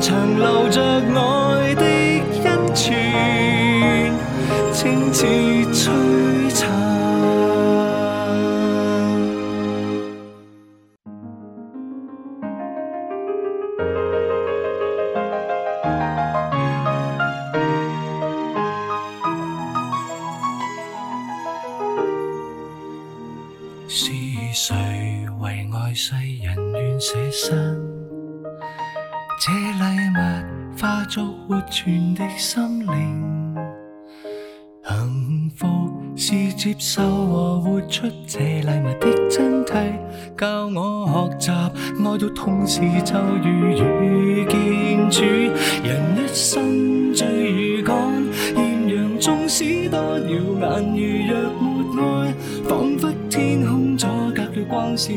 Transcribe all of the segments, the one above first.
長留着。歡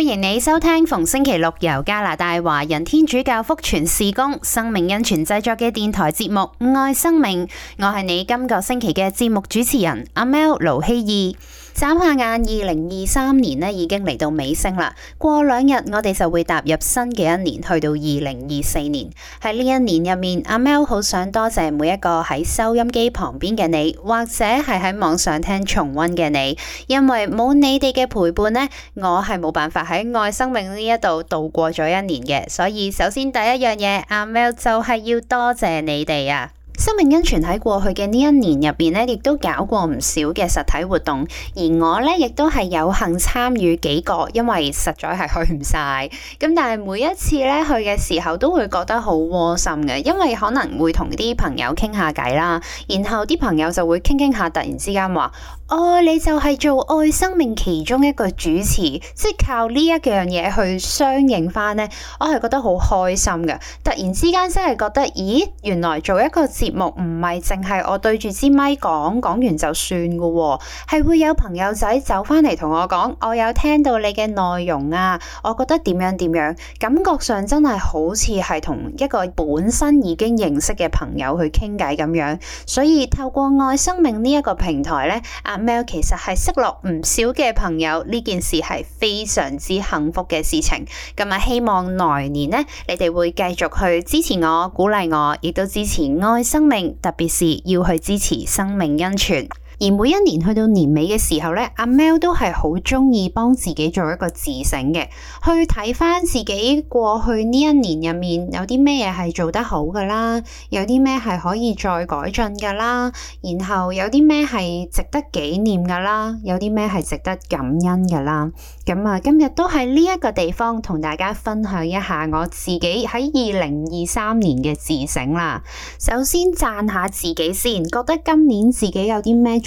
迎你收聽逢星期六由加拿大華人天主教福傳事工生命恩傳製作嘅電台節目《愛生命》，我係你今個星期嘅節目主持人阿 Mel 駱曦義。眨下眼，二零二三年呢已經嚟到尾聲啦。過兩日我哋就會踏入新嘅一年，去到二零二四年。喺呢一年入面，阿 Mel 好想多謝每一個喺收音機旁邊嘅你，或者係喺網上聽重温嘅你，因為冇你哋嘅陪伴呢，我係冇辦法喺愛生命呢一度度過咗一年嘅。所以首先第一樣嘢，阿 Mel 就係要多謝你哋啊！生命恩泉喺過去嘅呢一年入邊咧，亦都搞過唔少嘅實體活動，而我咧亦都係有幸參與幾個，因為實在係去唔晒。咁但係每一次咧去嘅時候，都會覺得好窩心嘅，因為可能會同啲朋友傾下偈啦，然後啲朋友就會傾傾下，突然之間話。哦，你就係做愛生命其中一個主持，即係靠呢一樣嘢去相應翻呢。我係覺得好開心嘅，突然之間真係覺得，咦，原來做一個節目唔係淨係我對住支咪講講完就算㗎喎，哦，係會有朋友仔走返嚟同我講，我有聽到你嘅內容啊，我覺得點樣點樣，感覺上真係好似係同一個本身已經認識嘅朋友去傾偈咁樣。所以透過愛生命呢一個平台呢，啊～其實係識落唔少嘅朋友，呢件事係非常之幸福嘅事情。咁啊，希望來年呢，你哋會繼續去支持我、鼓勵我，亦都支持愛生命，特別是要去支持生命恩泉。而每一年去到年尾嘅時候咧，阿 Mel 都係好中意幫自己做一個自省嘅，去睇翻自己過去呢一年入面有啲咩嘢係做得好噶啦，有啲咩係可以再改進噶啦，然後有啲咩係值得紀念噶啦，有啲咩係值得感恩噶啦。咁啊，今日都係呢一個地方同大家分享一下我自己喺二零二三年嘅自省啦。首先讚下自己先，覺得今年自己有啲咩？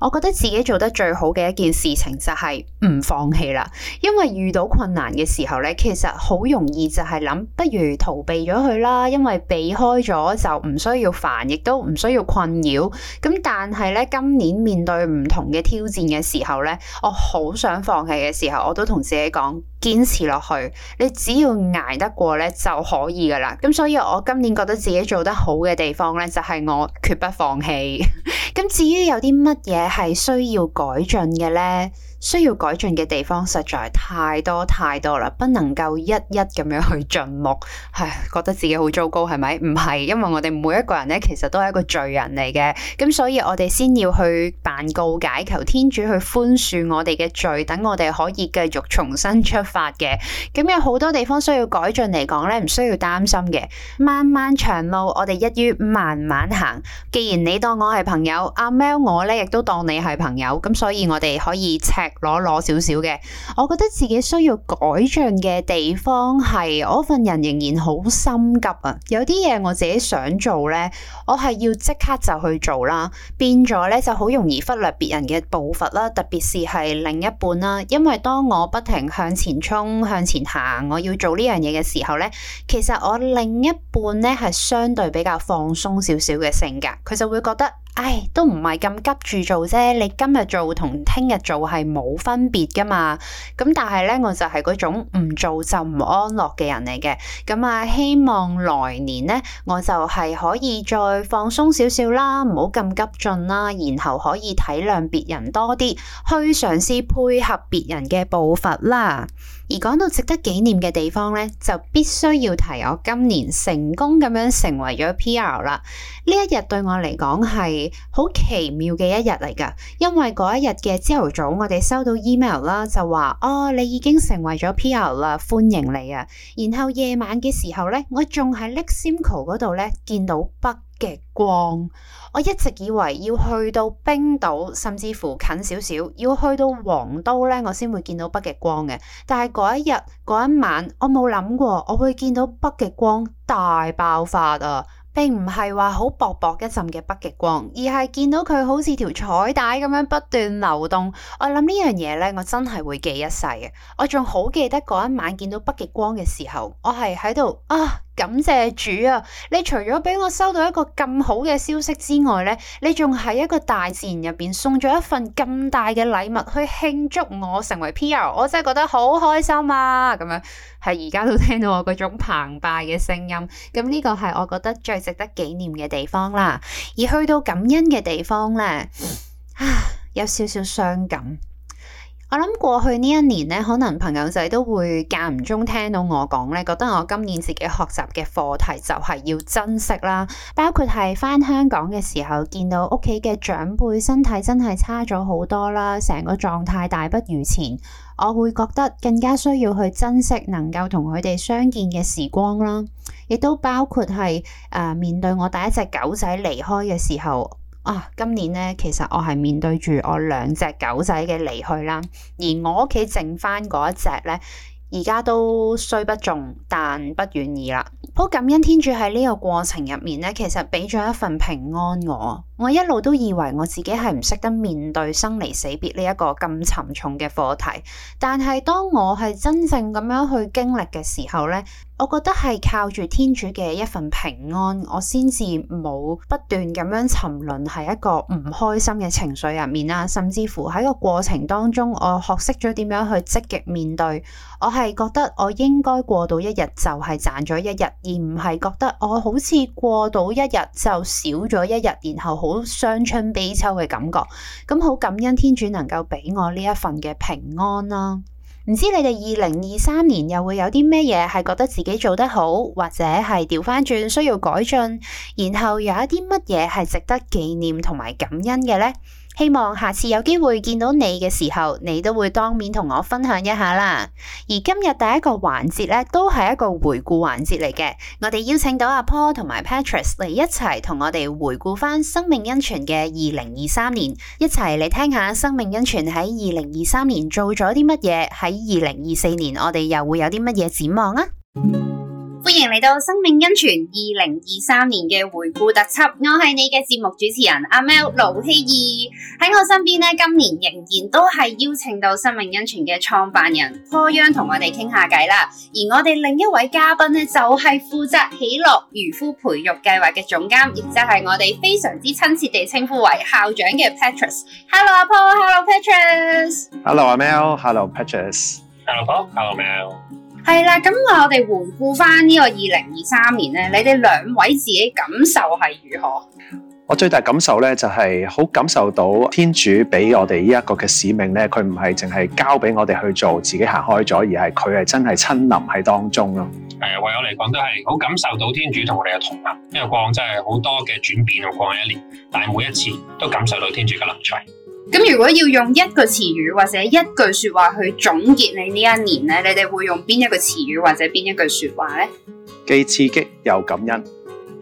我覺得自己做得最好嘅一件事情就係唔放棄啦，因為遇到困難嘅時候咧，其實好容易就係諗不如逃避咗佢啦，因為避開咗就唔需要煩，亦都唔需要困擾。咁但係咧今年面對唔同嘅挑戰嘅時候咧，我好想放棄嘅時候，我都同自己講堅持落去，你只要捱得過咧就可以噶啦。咁所以我今年覺得自己做得好嘅地方咧，就係我決不放棄。咁至於有啲乜嘢？係需要改進嘅咧。需要改進嘅地方實在太多太多啦，不能夠一一咁樣去盡目，唉，覺得自己好糟糕，係咪？唔係，因為我哋每一個人呢，其實都係一個罪人嚟嘅，咁所以我哋先要去辦告解，求天主去寬恕我哋嘅罪，等我哋可以繼續重新出發嘅。咁有好多地方需要改進嚟講呢，唔需要擔心嘅，漫漫長路，我哋一於慢慢行。既然你當我係朋友，阿 Mel 我呢亦都當你係朋友，咁所以我哋可以攞攞少少嘅，我覺得自己需要改進嘅地方係，我份人仍然好心急啊。有啲嘢我自己想做呢，我係要即刻就去做啦。變咗呢，就好容易忽略別人嘅步伐啦，特別是係另一半啦。因為當我不停向前衝，向前行，我要做呢樣嘢嘅時候呢，其實我另一半呢係相對比較放鬆少少嘅性格，佢就會覺得。唉，都唔係咁急住做啫，你今日做同聽日做係冇分別噶嘛。咁但係咧，我就係嗰種唔做就唔安樂嘅人嚟嘅。咁啊，希望來年呢，我就係可以再放鬆少少啦，唔好咁急進啦，然後可以體諒別人多啲，去嘗試配合別人嘅步伐啦。而講到值得紀念嘅地方咧，就必須要提我今年成功咁樣成為咗 PR 啦。呢一日對我嚟講係好奇妙嘅一日嚟㗎，因為嗰一日嘅朝頭早我哋收到 email 啦，就話哦你已經成為咗 PR 啦，歡迎你啊！然後夜晚嘅時候咧，我仲喺 Nimco 嗰度咧，見到北極光，我一直以為要去到冰島，甚至乎近少少要去到黃都呢，我先會見到北極光嘅。但係嗰一日嗰一晚，我冇諗過我會見到北極光大爆發啊，並唔係話好薄薄一陣嘅北極光，而係見到佢好似條彩帶咁樣不斷流動。我諗呢樣嘢呢，我真係會記一世嘅。我仲好記得嗰一晚見到北極光嘅時候，我係喺度啊～感謝主啊！你除咗俾我收到一個咁好嘅消息之外呢，你仲喺一個大自然入邊送咗一份咁大嘅禮物去慶祝我成為 PR，我真係覺得好開心啊！咁樣係而家都聽到我嗰種澎湃嘅聲音。咁呢個係我覺得最值得紀念嘅地方啦。而去到感恩嘅地方呢，啊，有少少傷感。我諗過去呢一年呢，可能朋友仔都會間唔中聽到我講咧，覺得我今年自己學習嘅課題就係要珍惜啦。包括係返香港嘅時候，見到屋企嘅長輩身體真係差咗好多啦，成個狀態大不如前。我會覺得更加需要去珍惜能夠同佢哋相見嘅時光啦。亦都包括係誒、呃，面對我第一隻狗仔離開嘅時候。啊！今年咧，其實我係面對住我兩隻狗仔嘅離去啦，而我屋企剩翻嗰一隻咧，而家都雖不重，但不願意啦。好感恩天主喺呢個過程入面咧，其實俾咗一份平安我。我一路都以為我自己係唔識得面對生離死別呢一個咁沉重嘅課題，但係當我係真正咁樣去經歷嘅時候咧。我覺得係靠住天主嘅一份平安，我先至冇不斷咁樣沉淪喺一個唔開心嘅情緒入面啦。甚至乎喺個過程當中，我學識咗點樣去積極面對。我係覺得我應該過到一日就係賺咗一日，而唔係覺得我好似過到一日就少咗一日，然後好傷春悲秋嘅感覺。咁好感恩天主能夠俾我呢一份嘅平安啦。唔知你哋二零二三年又會有啲咩嘢，係覺得自己做得好，或者係調翻轉需要改進，然後有一啲乜嘢係值得紀念同埋感恩嘅呢？希望下次有機會見到你嘅時候，你都會當面同我分享一下啦。而今日第一個環節咧，都係一個回顧環節嚟嘅。我哋邀請到阿 Paul 同埋 Patrice 嚟一齊同我哋回顧翻生命恩泉嘅二零二三年，一齊嚟聽下生命恩泉喺二零二三年做咗啲乜嘢，喺二零二四年我哋又會有啲乜嘢展望啊！ 歡迎嚟到《生命恩泉》二零二三年嘅回顧特輯，我係你嘅節目主持人阿 Mel 盧希義喺我身邊咧，今年仍然都係邀請到《生命恩泉》嘅創辦人柯央同我哋傾下偈啦，而我哋另一位嘉賓咧就係、是、負責喜樂漁夫培育計劃嘅總監，亦即係我哋非常之親切地稱呼為校長嘅 Patrice。Hello 阿 Paul，Hello Patrice。Hello 阿 Mel，Hello Patrice。Hello Paul，Hello Mel。係啦，咁我哋回顧翻呢個二零二三年咧，你哋兩位自己感受係如何？我最大感受咧就係好感受到天主俾我哋呢一個嘅使命咧，佢唔係淨係交俾我哋去做，自己行開咗，而係佢係真係親臨喺當中咯。誒，為我嚟講都係好感受到天主同我哋嘅同行，因為過往真係好多嘅轉變啊，過往一年，但係每一次都感受到天主嘅臨在。咁如果要用一個詞語或者一句說話去總結你呢一年咧，你哋會用邊一個詞語或者邊一句說話咧？既刺激又感恩，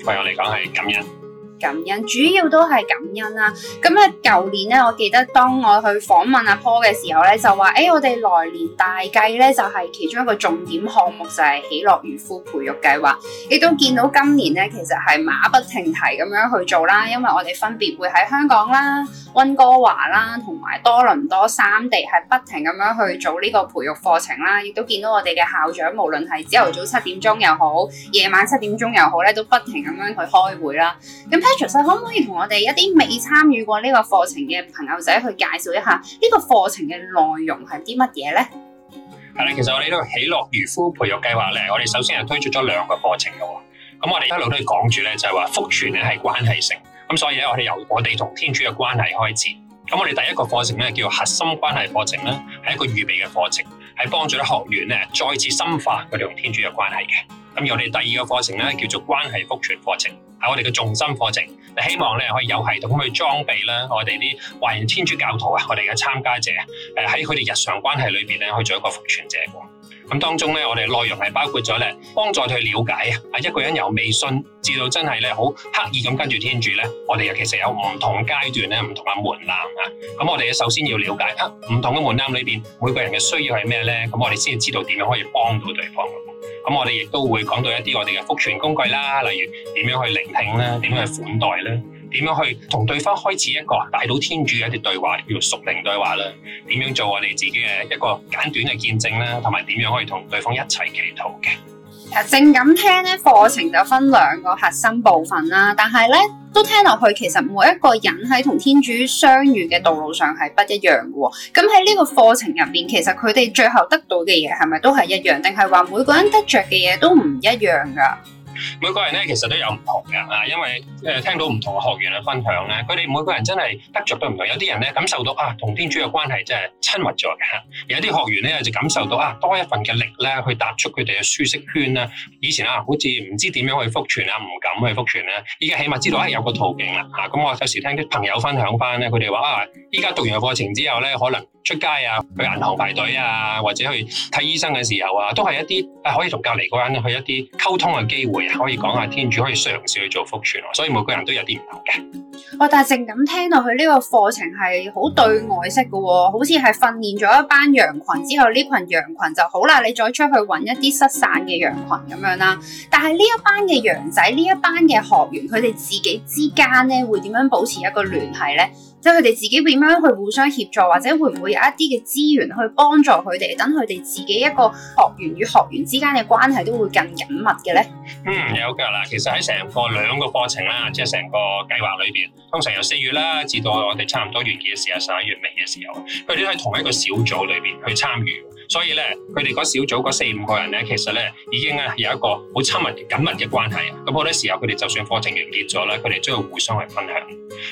對我嚟講係感恩。感恩主要都係感恩啦、啊，咁啊舊年咧，我記得當我去訪問阿 Paul 嘅時候咧，就話誒、欸，我哋來年大計咧就係、是、其中一個重點項目就係喜樂漁夫培育計劃，亦都見到今年咧其實係馬不停蹄咁樣去做啦，因為我哋分別會喺香港啦、溫哥華啦同埋多倫多三地係不停咁樣去做呢個培育課程啦，亦都見到我哋嘅校長無論係朝頭早七點鐘又好，夜晚七點鐘又好咧，都不停咁樣去開會啦，咁。阿卓 s i 可唔可以同我哋一啲未參與過呢個課程嘅朋友仔去介紹一下，這個課的是什麼，呢個課程嘅內容係啲乜嘢咧？係咧，其實我哋呢個喜樂漁夫培育計劃咧，我哋首先係推出咗兩個課程嘅。咁我哋一路都係講住咧，就係話復傳咧係關係性。咁所以咧，我哋由我哋同天主嘅關係開始。咁我哋第一個課程咧叫核心關係課程啦，係一個預備嘅課程，係幫助咧學員咧再次深化佢哋同天主嘅關係嘅。咁而我哋第二個課程咧叫做關係復傳課程。我哋嘅重心課程，希望可以有系統去裝備啦，我哋啲華人天主教徒啊，我哋嘅參加者，在喺佢哋日常關係裏面咧，去做一個復傳者。咁當中咧，我哋內容係包括咗咧，幫助去了解一個人由未信至到真係好刻意咁跟住天主咧，我哋又其實有唔同階段咧，唔同嘅門檻啊。咁我哋首先要了解啊，唔同嘅門檻裏面，每個人嘅需要係咩咧？咁我哋先知道點樣可以幫到對方。咁我哋亦都會講到一啲我哋嘅福傳工具啦，例如點樣去聆聽啦，點樣去款待啦。點樣去同對方開始一個帶到天主嘅一啲對話，叫熟靈對話啦。點樣做我哋自己嘅一個簡短嘅見證啦，同埋點樣可以同對方一齊祈禱嘅？正咁聽咧，課程就分兩個核心部分啦。但係咧，都聽落去，其實每一個人喺同天主相遇嘅道路上係不一樣嘅。咁喺呢個課程入邊，其實佢哋最後得到嘅嘢係咪都係一樣？定係話每個人得着嘅嘢都唔一樣噶？每個人咧其實都有唔同嘅啊，因為誒聽到唔同嘅學員嘅分享咧，佢哋每個人真係得着都唔同。有啲人咧感受到啊，同天主嘅關係真係親密咗嘅。有啲學員咧就感受到啊，多一份嘅力咧去踏出佢哋嘅舒適圈啦。以前啊，好似唔知點樣去福傳啊，唔敢去福傳咧。依家起碼知道係有個途徑啦。嚇、啊，咁我有時聽啲朋友分享翻咧，佢哋話啊，依家讀完個課程之後咧，可能出街啊、去銀行排隊啊，或者去睇醫生嘅時候啊，都係一啲啊可以同隔離嗰人去一啲溝通嘅機會。可以講下天主，可以嘗試去做福傳，所以每個人都有啲唔同嘅。哦，但係靜咁聽落佢呢個課程係好對外式嘅。哦，好似係訓練咗一班羊群之後，呢群羊群就好啦，你再出去揾一啲失散嘅羊群咁樣啦。但係呢一班嘅羊仔，呢一班嘅學員，佢哋自己之間咧會點樣保持一個聯繫呢？即係佢哋自己點樣去互相協助，或者會唔會有一啲嘅資源去幫助佢哋，等佢哋自己一個學員與學員之間嘅關係都會更緊密嘅呢？嗯，有噶啦，其實喺成個兩個課程啦，即係成個計劃裏邊。通常由四月啦，至到我哋差唔多完結嘅時候，十一月尾嘅時候，佢哋都喺同一個小組裏邊去參與的。所以咧，佢哋嗰小組嗰四五個人咧，其實咧已經咧有一個好親密、緊密嘅關係。咁好多時候，佢哋就算課程完結咗咧，佢哋都會互相去分享。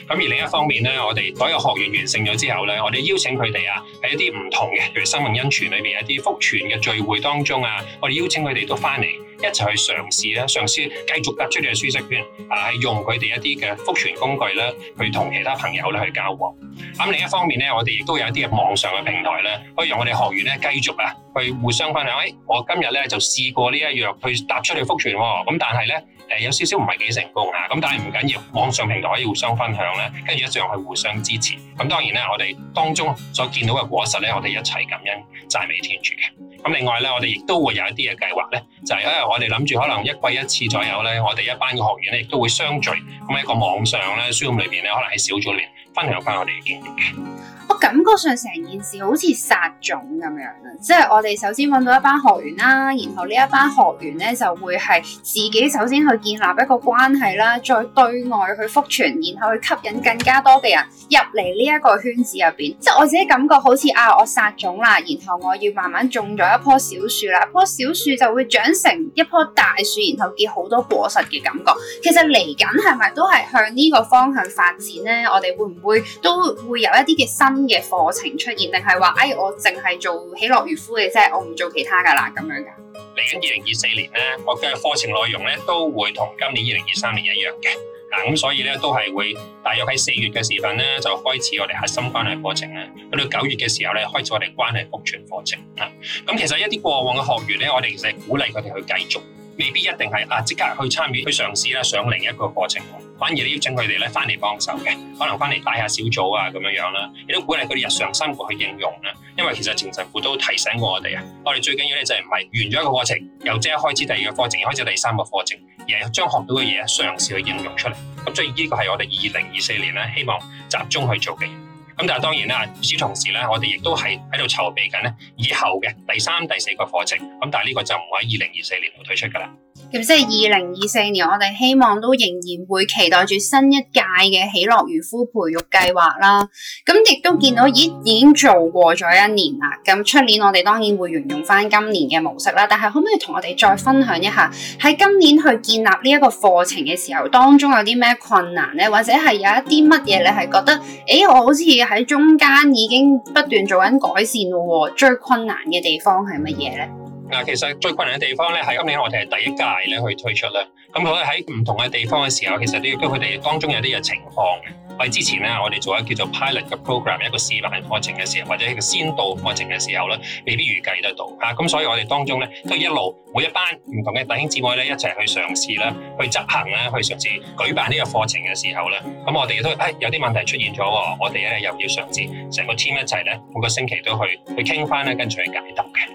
咁而另一方面咧，我哋所有學員完成咗之後咧，我哋邀請佢哋啊喺一啲唔同嘅，譬如生命恩泉裏邊一啲福傳嘅聚會當中啊，我哋邀請佢哋都翻嚟。一齊去嘗試咧，嘗試繼續踏出你嘅舒適圈，啊，用佢哋一啲嘅復傳工具去同其他朋友去交換。咁另一方面呢，我哋亦都有一啲嘅網上嘅平台可以讓我哋學員呢繼續啊，去互相分享。哎，我今日呢就試過呢一樣去踏出去復傳喎，咁但係呢。誒有少少唔係幾成功嚇，咁但係唔緊要，網上平台可以互相分享咧，跟住一樣去互相支持。咁當然啦，我哋當中所見到嘅果實咧，我哋一齊感恩讚美天主嘅。咁另外咧，我哋亦都會有一啲嘅計劃咧，就係因為我哋諗住可能一季一次左右咧，我哋一班嘅學員咧亦都會相聚，咁喺一個網上咧書目裏邊咧，可能喺小組裏面分享翻我哋嘅經驗嘅。感覺上成件事好似殺種咁樣，即係、就是、我哋首先揾到一班學員啦，然後呢一班學員呢就會係自己首先去建立一個關係啦，再對外去覆傳，然後去吸引更加多嘅人入嚟呢一個圈子入邊。即、就、係、是、我自己感覺好似啊，我殺種啦，然後我要慢慢種咗一棵小樹啦，一棵小樹就會長成一棵大樹，然後結好多果實嘅感覺。其實嚟緊係咪都係向呢個方向發展呢？我哋會唔會都會有一啲嘅新嘅？嘅課程出現，定係話哎，我淨係做喜樂漁夫嘅啫，我唔做其他噶啦咁樣噶。嚟緊二零二四年咧，我嘅課程內容咧都會同今年二零二三年一樣嘅。啊，咁所以咧都係會，大約喺四月嘅時份咧就開始我哋核心關係課程啦，去到九月嘅時候咧開始我哋關係復存課程啊。咁其實一啲過往嘅學員咧，我哋其實鼓勵佢哋去繼續，未必一定係啊即刻去參與去嘗試啦，上另一個課程。反而咧要請佢哋咧返嚟幫手嘅，可能返嚟帶下小組啊咁樣樣啦，亦都鼓勵佢哋日常生活去應用啦。因為其實神父都提醒過我哋啊，我哋最緊要咧就係唔係完咗一個課程，又即刻開始第二個課程，又開始第三個課程，而係將學到嘅嘢嘗試去應用出嚟。咁所以呢個係我哋二零二四年呢希望集中去做嘅嘢。咁但係當然啦，與此同時呢，我哋亦都係喺度籌備緊呢以後嘅第三、第四個課程。咁但係呢個就唔會喺二零二四年會推出㗎喇。咁即係二零二四年，我哋希望都仍然會期待住新一屆嘅喜樂漁夫培育計劃啦。咁亦都見到已，已經做過咗一年啦。咁出年我哋當然會沿用翻今年嘅模式啦。但係可唔可以同我哋再分享一下喺今年去建立呢一個課程嘅時候當中有啲咩困難呢？或者係有一啲乜嘢你係覺得，誒、欸，我好似喺中間已經不斷做緊改善咯。最困難嘅地方係乜嘢呢？嗱，其實最困難嘅地方咧，係今年我哋係第一屆咧去推出咧，咁所以喺唔同嘅地方嘅時候，其實都要佢哋當中有啲嘅情況嘅。我哋之前咧，我哋做一叫做 pilot 嘅 program 一個示範課程嘅時候，或者一個先導課程嘅時候咧，未必預計得到嚇。咁、啊、所以我哋當中咧，都一路每一班唔同嘅弟兄姊妹咧，一齊去嘗試啦，去執行啦，去嘗試舉辦呢個課程嘅時候咧，咁我哋都誒、哎、有啲問題出現咗，我哋咧又要嘗試，成個 team 一齊咧，每個星期都去去傾翻咧，跟住去解答嘅。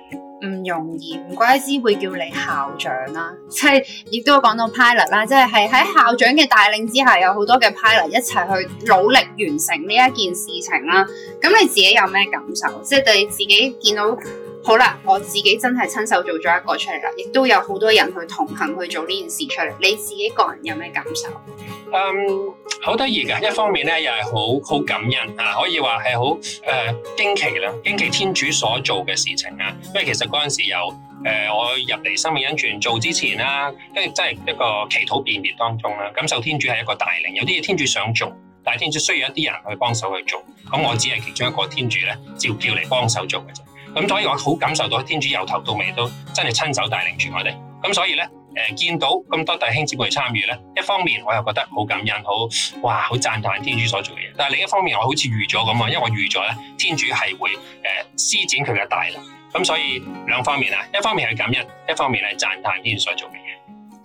容易唔怪之，會叫你校長啦，即係亦都講到 pilot 啦，即係喺校長嘅帶領之下，有好多嘅 pilot 一齊去努力完成呢一件事情啦。咁你自己有咩感受？即係對你自己見到。好啦，我自己真係親手做咗一個出嚟啦，亦都有好多人去同行去做呢件事出嚟。你自己個人有咩感受？嗯，好得意噶，一方面咧又係好好感恩啊，可以話係好誒驚奇啦，驚奇天主所做嘅事情啊。因為其實嗰陣時有誒、呃、我入嚟生命恩泉做之前啦，即係真係一個祈禱辨別當中啦，感受天主係一個大靈，有啲嘢天主想做，但係天主需要一啲人去幫手去做，咁我只係其中一個天主咧，召叫嚟幫手做嘅啫。咁所以我好感受到天主由頭到尾都真係親手帶領住我哋，咁所以呢，見、呃、見到咁多弟兄姊妹參與呢，一方面我又覺得好感恩，好哇，好讚嘆天主所做嘅嘢，但係另一方面我好似預咗咁啊，因為我預咗呢，天主係會、呃、施展佢嘅大能，咁所以兩方面啊，一方面係感恩，一方面係讚嘆天主所做嘅嘢。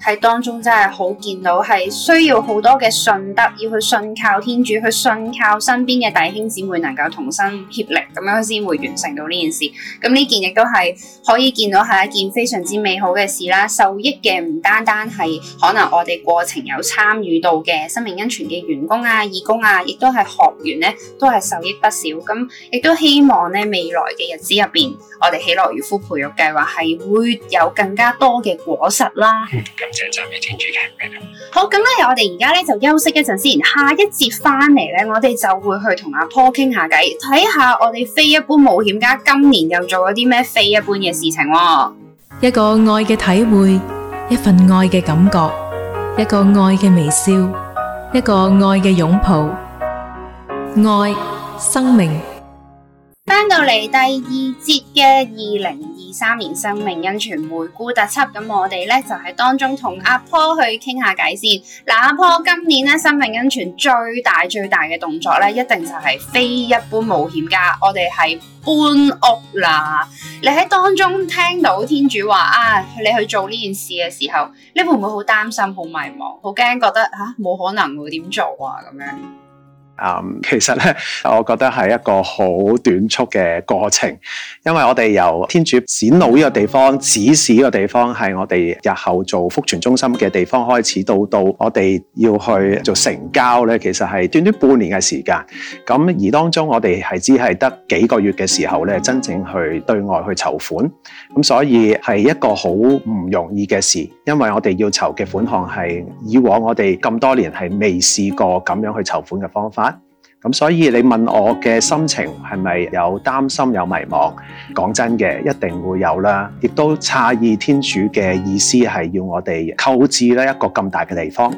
喺當中真係好見到，係需要好多嘅信德，要去信靠天主，去信靠身邊嘅弟兄姊妹能夠同心協力，咁樣先會完成到呢件事。咁呢件亦都係可以見到係一件非常之美好嘅事啦。受益嘅唔單單係可能我哋過程有參與到嘅生命恩泉嘅員工啊、義工啊，亦都係學員咧，都係受益不少。咁亦都希望咧未來嘅日子入面，我哋喜樂漁夫培育計劃係會有更加多嘅果實啦。 正正嘅天主嘅，好咁咧，我哋而家咧就休息一陣先，下一節翻嚟，咧，我哋就會去同阿 Paul 傾下偈，睇下我哋非一般冒險家今年又做咗啲咩非一般嘅事情喎。一個愛嘅體會，一份愛嘅感覺，一個愛嘅微笑，一個愛嘅擁抱，愛，生命。翻到嚟第二節嘅二零三年生命恩泉回顧特輯，咁我哋咧就喺當中同阿婆去傾下偈先嗱。阿婆，今年咧生命恩泉最大最大嘅動作咧，一定就係非一般冒險家，我哋係搬屋啦。你喺當中聽到天主話啊，你去做呢件事嘅時候，你會唔會好擔心、好迷茫、好驚，覺得吓冇、啊、可能，會點做啊？咁樣。啊，um, 其實咧，我覺得係一個好短促嘅過程，因為我哋由天主展露呢個地方，指示呢個地方係我哋日後做福傳中心嘅地方開始，到到我哋要去做成交咧，其實係短短半年嘅時間。咁而當中我哋係只係得幾個月嘅時候咧，真正去對外去籌款。咁所以係一個好唔容易嘅事，因為我哋要籌嘅款項係以往我哋咁多年係未試過咁樣去籌款嘅方法。咁所以你問我嘅心情係咪有擔心有迷茫？講真嘅，一定會有啦，亦都詫異天主嘅意思係要我哋購置呢一個咁大嘅地方。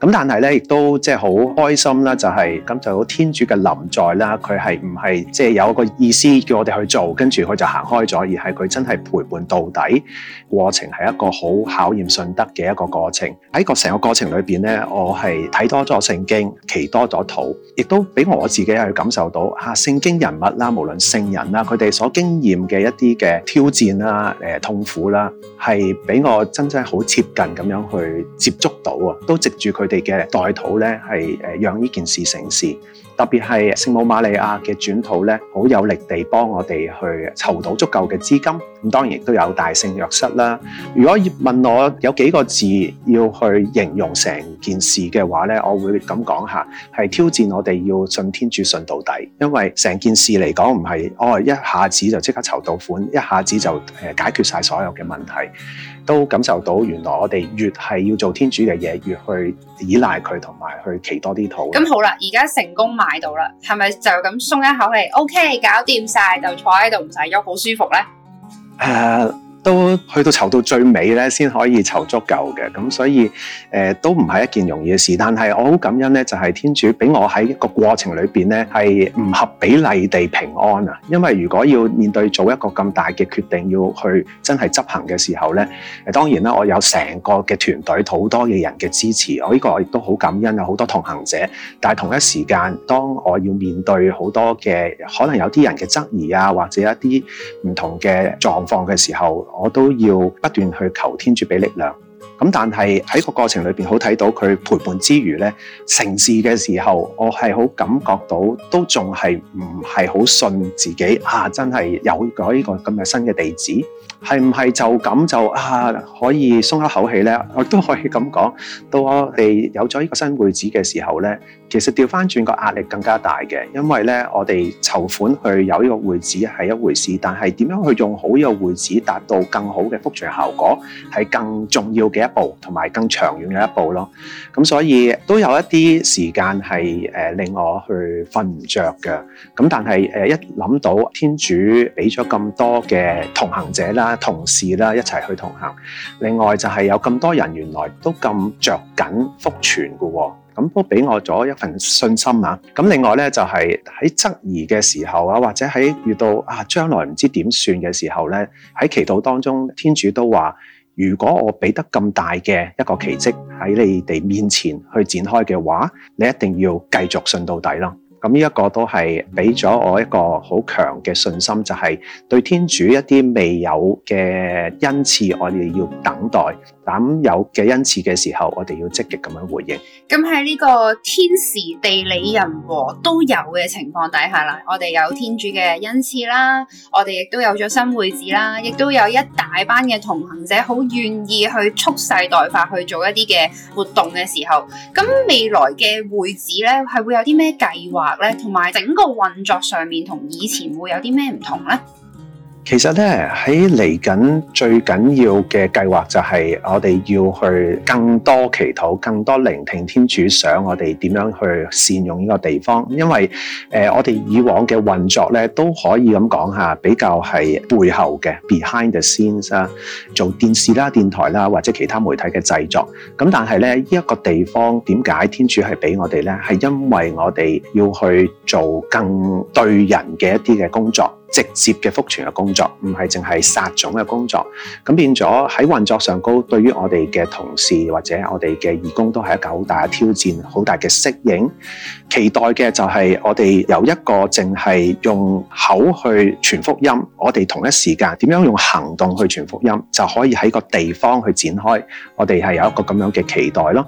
咁但係咧，亦都即係好開心啦，就係咁就有天主嘅臨在啦。佢係唔係即係有一個意思叫我哋去做，跟住佢就行開咗，而係佢真係陪伴到底。過程係一個好考驗信德嘅一個過程。喺個成個過程裏邊咧，我係睇多咗聖經，祈多咗土，亦都俾我自己去感受到吓、啊、聖經人物啦，無論聖人啦，佢哋所經驗嘅一啲嘅挑戰啦、誒、呃、痛苦啦，係俾我真真好接近咁樣去接觸到啊，都藉住佢。哋嘅代禱咧，係誒讓呢件事成事。特別係聖母瑪利亞嘅轉禱咧，好有力地幫我哋去籌到足夠嘅資金。咁當然亦都有大聖若瑟啦。如果問我有幾個字要去形容成件事嘅話咧，我會咁講下，係挑戰我哋要信天主信到底，因為成件事嚟講唔係哦，一下子就即刻籌到款，一下子就誒解決晒所有嘅問題，都感受到原來我哋越係要做天主嘅嘢，越去依賴佢同埋去祈多啲禱。咁好啦，而家成功買到啦，係咪就咁鬆一口氣？OK，搞掂晒，就坐喺度唔使喐，好舒服咧。Uh 都去到籌到最尾咧，先可以籌足夠嘅，咁所以誒、呃、都唔係一件容易嘅事。但係我好感恩咧，就係、是、天主俾我喺一個過程裏邊咧，係唔合比例地平安啊！因為如果要面對做一個咁大嘅決定，要去真係執行嘅時候咧，當然啦，我有成個嘅團隊好多嘅人嘅支持，我呢個我亦都好感恩有好多同行者。但係同一時間，當我要面對好多嘅可能有啲人嘅質疑啊，或者一啲唔同嘅狀況嘅時候，我都要不斷去求天主俾力量，咁但係喺個過程裏邊好睇到佢陪伴之餘呢，成事嘅時候，我係好感覺到都仲係唔係好信自己啊！真係有咗呢個咁嘅新嘅地址，係唔係就咁就啊可以鬆一口氣呢？我都可以咁講，到我哋有咗呢個新會址嘅時候呢。」其實調翻轉個壓力更加大嘅，因為咧我哋籌款去有呢個會址係一回事，但係點樣去用好呢個會址，達到更好嘅福傳效果，係更重要嘅一步，同埋更長遠嘅一步咯。咁所以都有一啲時間係、呃、令我去瞓唔着嘅。咁但係、呃、一諗到天主俾咗咁多嘅同行者啦、同事啦一齊去同行，另外就係有咁多人原來都咁着緊福傳㗎喎。咁都俾我咗一份信心啊！咁另外呢，就係喺質疑嘅時候啊，或者喺遇到啊將來唔知點算嘅時候呢，喺祈禱當中，天主都話：如果我俾得咁大嘅一個奇蹟喺你哋面前去展開嘅話，你一定要繼續信到底啦。咁呢一個都係俾咗我一個好強嘅信心，就係對天主一啲未有嘅恩賜，我哋要等待。咁有嘅恩賜嘅時候，我哋要積極咁樣回應。咁喺呢個天時地利人和都有嘅情況底下啦，我哋有天主嘅恩賜啦，我哋亦都有咗新會址啦，亦都有一大班嘅同行者好願意去蓄勢待發去做一啲嘅活動嘅時候，咁未來嘅會址呢，係會有啲咩計劃？同埋整個運作上面同以前會有啲咩唔同咧？其實咧，喺嚟緊最緊要嘅計劃就係我哋要去更多祈禱，更多聆聽天主，想我哋點樣去善用呢個地方。因為誒、呃，我哋以往嘅運作咧都可以咁講下，比較係背後嘅 behind the scenes 啦，啊，做電視啦、電台啦或者其他媒體嘅製作。咁但係咧呢一，這個地方點解天主係俾我哋咧？係因為我哋要去做更對人嘅一啲嘅工作。直接嘅福傳嘅工作，唔係淨係撒種嘅工作，咁變咗喺運作上高，對於我哋嘅同事或者我哋嘅義工都係一個好大嘅挑戰，好大嘅適應，期待嘅就係我哋有一個淨係用口去傳福音，我哋同一時間點樣用行動去傳福音，就可以喺個地方去展開，我哋係有一個咁樣嘅期待咯。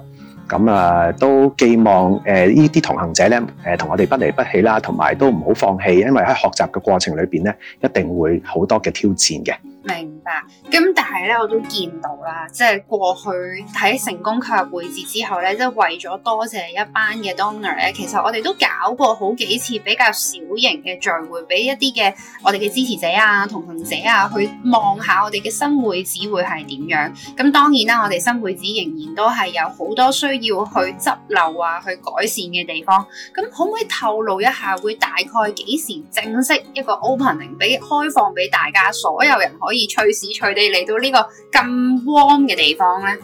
咁都寄望誒依啲同行者咧，呃、同我哋不離不棄啦，同埋都唔好放棄，因為喺學習嘅過程裏面，咧，一定會好多嘅挑戰嘅。明白，咁但係咧我都見到啦，即係過去喺成功購入會址之後咧，即係為咗多謝一班嘅 donor 咧，其實我哋都搞過好幾次比較小型嘅聚會俾一啲嘅我哋嘅支持者啊、同行者啊去望下我哋嘅新會址會係點樣，咁當然啦，我哋新會址仍然都係有好多需要去執漏啊、去改善嘅地方。咁可唔可以透露一下會大概幾時正式一個 opening 俾開放俾大家所有人可以？可以隨時隨地嚟到呢個咁 warm 嘅地方咧。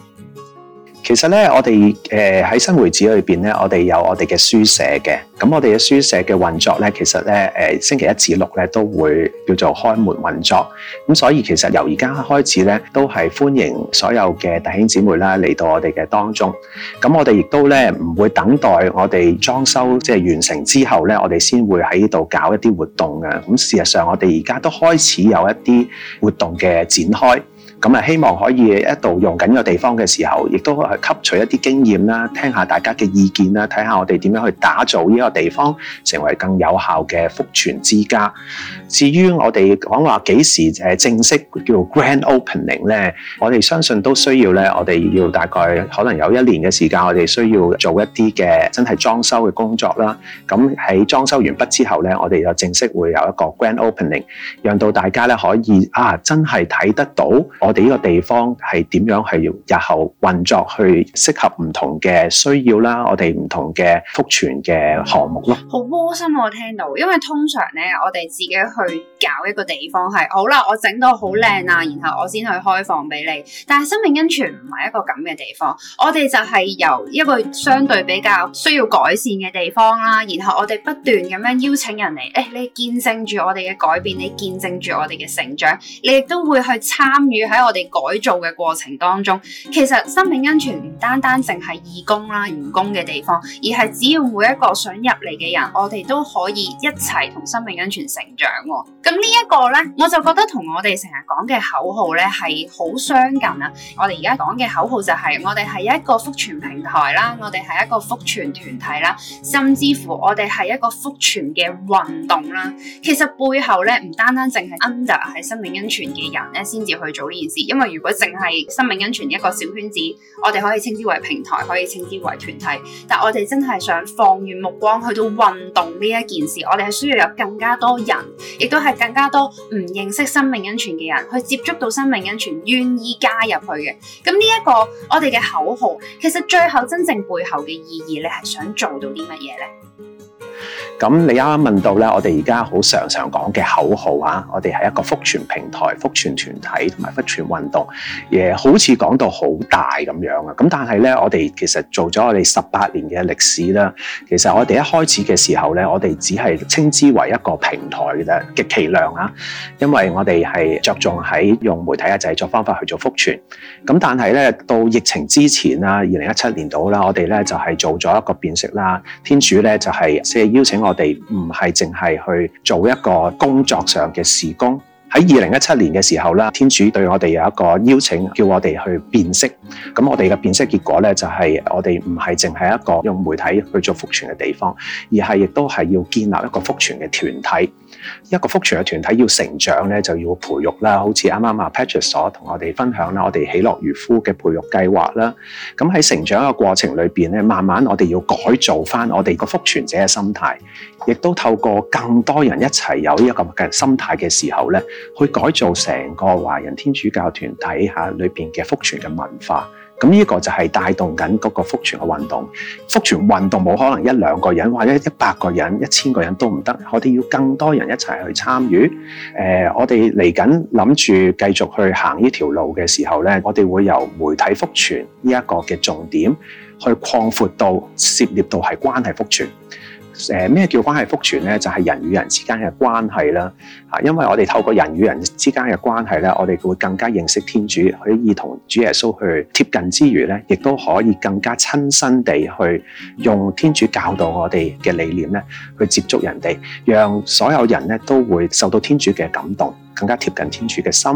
其實咧，我哋誒喺新會址裏邊咧，我哋有我哋嘅書舍嘅。咁我哋嘅書舍嘅運作咧，其實咧，誒、呃、星期一至六咧都會叫做開門運作。咁所以其實由而家開始咧，都係歡迎所有嘅弟兄姊妹啦嚟到我哋嘅當中。咁我哋亦都咧唔會等待我哋裝修即係、就是、完成之後咧，我哋先會喺度搞一啲活動嘅。咁事實上我哋而家都開始有一啲活動嘅展開。咁啊，希望可以一度用緊個地方嘅時候，亦都吸取一啲經驗啦，聽下大家嘅意見啦，睇下我哋點樣去打造呢個地方成為更有效嘅復存之家。至於我哋講話幾時誒正式叫做 Grand Opening 咧，我哋相信都需要咧，我哋要大概可能有一年嘅時間，我哋需要做一啲嘅真係裝修嘅工作啦。咁喺裝修完畢之後咧，我哋就正式會有一個 Grand Opening，讓到大家咧可以啊真係睇得到我哋呢個地方係點樣，係要日後運作，去適合唔同嘅需要啦。我哋唔同嘅福傳嘅項目咯。好窩心、啊、我聽到，因為通常咧，我哋自己去搞一個地方係好啦，我整到好靚啊，然後我先去開放俾你。但係生命恩泉唔係一個咁嘅地方，我哋就係由一個相對比較需要改善嘅地方啦。然後我哋不斷咁樣邀請人嚟，誒、欸，你見證住我哋嘅改變，你見證住我哋嘅成長，你亦都會去參與。喺我哋改造嘅過程當中，其實生命恩泉唔單單淨係義工啦、員工嘅地方，而係只要每一個想入嚟嘅人，我哋都可以一齊同生命恩泉成長。咁呢一個咧，我就覺得同我哋成日講嘅口號咧係好相近啊！我哋而家講嘅口號就係、是、我哋係一個福傳平台啦，我哋係一個福傳團體啦，甚至乎我哋係一個福傳嘅運動啦。其實背後咧唔單單淨係 under 喺生命恩泉嘅人咧先至去做呢。因為如果淨係生命恩泉一個小圈子，我哋可以稱之為平台，可以稱之為團體。但我哋真係想放遠目光去到運動呢一件事，我哋係需要有更加多人，亦都係更加多唔認識生命恩泉嘅人去接觸到生命恩泉願意加入去嘅。咁呢一個我哋嘅口號，其實最後真正背後嘅意義你係想做到啲乜嘢呢？咁你啱啱問到咧，我哋而家好常常講嘅口號吓，我哋係一個福傳平台、福傳團體同埋福傳運動，嘢好似講到好大咁樣啊！咁但係咧，我哋其實做咗我哋十八年嘅歷史啦，其實我哋一開始嘅時候咧，我哋只係稱之為一個平台嘅，極其量啊，因為我哋係着重喺用媒體嘅製作方法去做福傳。咁但係咧，到疫情之前啦，二零一七年度啦，我哋咧就係做咗一個辨識啦。天主咧就係即係邀請我。我哋唔係淨係去做一個工作上嘅事工。喺二零一七年嘅時候，天主對我哋有一個邀請，叫我哋去辨識。咁我哋嘅辨識結果咧，就係我哋唔係淨係一個用媒體去做福傳嘅地方，而係亦都係要建立一個福傳嘅團體。一個福傳嘅團體要成長咧，就要培育啦。好似啱啱阿 Patrick 所同我哋分享啦，我哋喜樂漁夫嘅培育計劃啦。咁喺成長嘅過程裏邊咧，慢慢我哋要改造翻我哋個福傳者嘅心態，亦都透過更多人一齊有呢一個嘅心態嘅時候咧，去改造成個華人天主教團體下裏邊嘅福傳嘅文化。咁呢個就係帶動緊嗰個復傳嘅運動，復傳運動冇可能一兩個人，或者一百個人、一千個人都唔得，我哋要更多人一齊去參與。誒、呃，我哋嚟緊諗住繼續去行呢條路嘅時候，呢我哋會由媒體復傳呢一個嘅重點去曠闊到，去擴闊到涉獵到係關係復傳。誒咩叫關係福傳咧？就係人與人之間嘅關係啦，嚇！因為我哋透過人與人之間嘅關係咧，我哋會更加認識天主，可以同主耶穌去貼近之餘咧，亦都可以更加親身地去用天主教導我哋嘅理念咧，去接觸人哋，讓所有人咧都會受到天主嘅感動，更加貼近天主嘅心。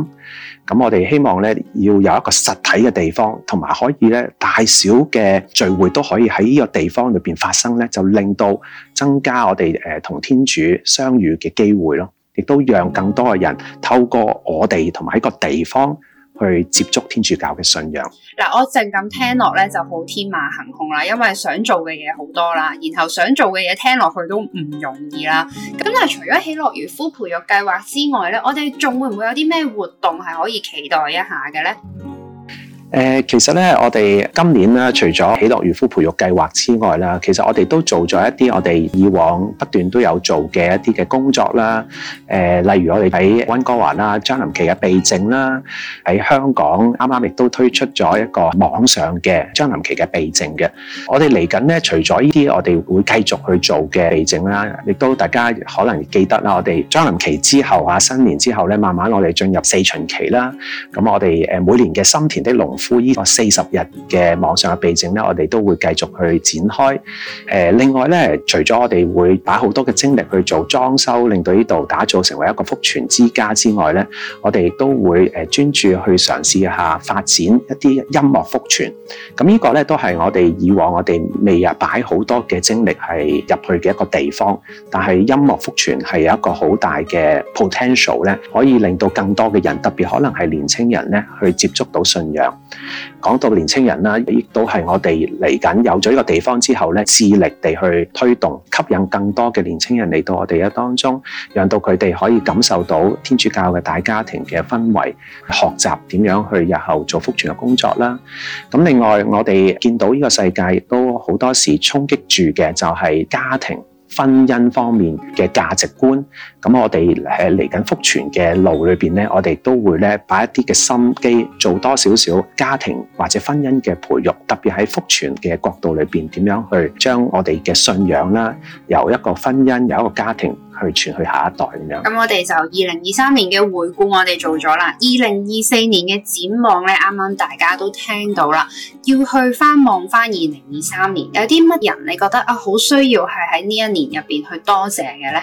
咁我哋希望咧要有一個實體嘅地方，同埋可以咧大小嘅聚會都可以喺呢個地方裏面發生咧，就令到，增加我哋誒同天主相遇嘅機會咯，亦都讓更多嘅人透過我哋同埋一個地方去接觸天主教嘅信仰。嗱，我淨咁聽落咧就好天馬行空啦，因為想做嘅嘢好多啦，然後想做嘅嘢聽落去都唔容易啦。咁但係除咗喜樂漁夫培育計劃之外咧，我哋仲會唔會有啲咩活動係可以期待一下嘅咧？誒其實咧，我哋今年咧，除咗喜樂漁夫培育計劃之外啦，其實我哋都做咗一啲我哋以往不斷都有做嘅一啲嘅工作啦。誒，例如我哋喺溫哥華啦、將臨期嘅避靜啦，喺香港啱啱亦都推出咗一個網上嘅將臨期嘅避靜嘅。我哋嚟緊咧，除咗呢啲，我哋會繼續去做嘅避靜啦。亦都大家可能記得啦，我哋將臨期之後啊，新年之後咧，慢慢我哋進入四旬期啦。咁我哋誒每年嘅新田的農。附呢個四十日嘅網上嘅避靜咧，我哋都會繼續去展開。另外咧，除咗我哋會擺好多嘅精力去做裝修，令到呢度打造成為一個福傳之家之外咧，我哋亦都會誒專注去嘗試一下發展一啲音樂福傳。咁呢個咧都係我哋以往我哋未日擺好多嘅精力係入去嘅一個地方。但係音樂福傳係有一個好大嘅 potential 咧，可以令到更多嘅人，特別可能係年青人咧，去接觸到信仰。講到年青人啦，亦都係我哋嚟緊有咗呢個地方之後咧，致力地去推動，吸引更多嘅年青人嚟到我哋嘅當中，讓到佢哋可以感受到天主教嘅大家庭嘅氛圍，學習點樣去日後做福傳嘅工作啦。咁另外，我哋見到呢個世界都好多時衝擊住嘅就係家庭、婚姻方面嘅價值觀。咁我哋喺嚟緊福傳嘅路裏邊咧，我哋都會咧，把一啲嘅心機做多少少家庭或者婚姻嘅培育，特別喺福傳嘅角度裏邊，點樣去將我哋嘅信仰啦，由一個婚姻，由一個家庭去傳去下一代咁樣。咁我哋就二零二三年嘅回顧我，我哋做咗啦。二零二四年嘅展望咧，啱啱大家都聽到啦，要去翻望翻二零二三年，有啲乜人你覺得啊，好需要係喺呢一年入邊去多謝嘅咧？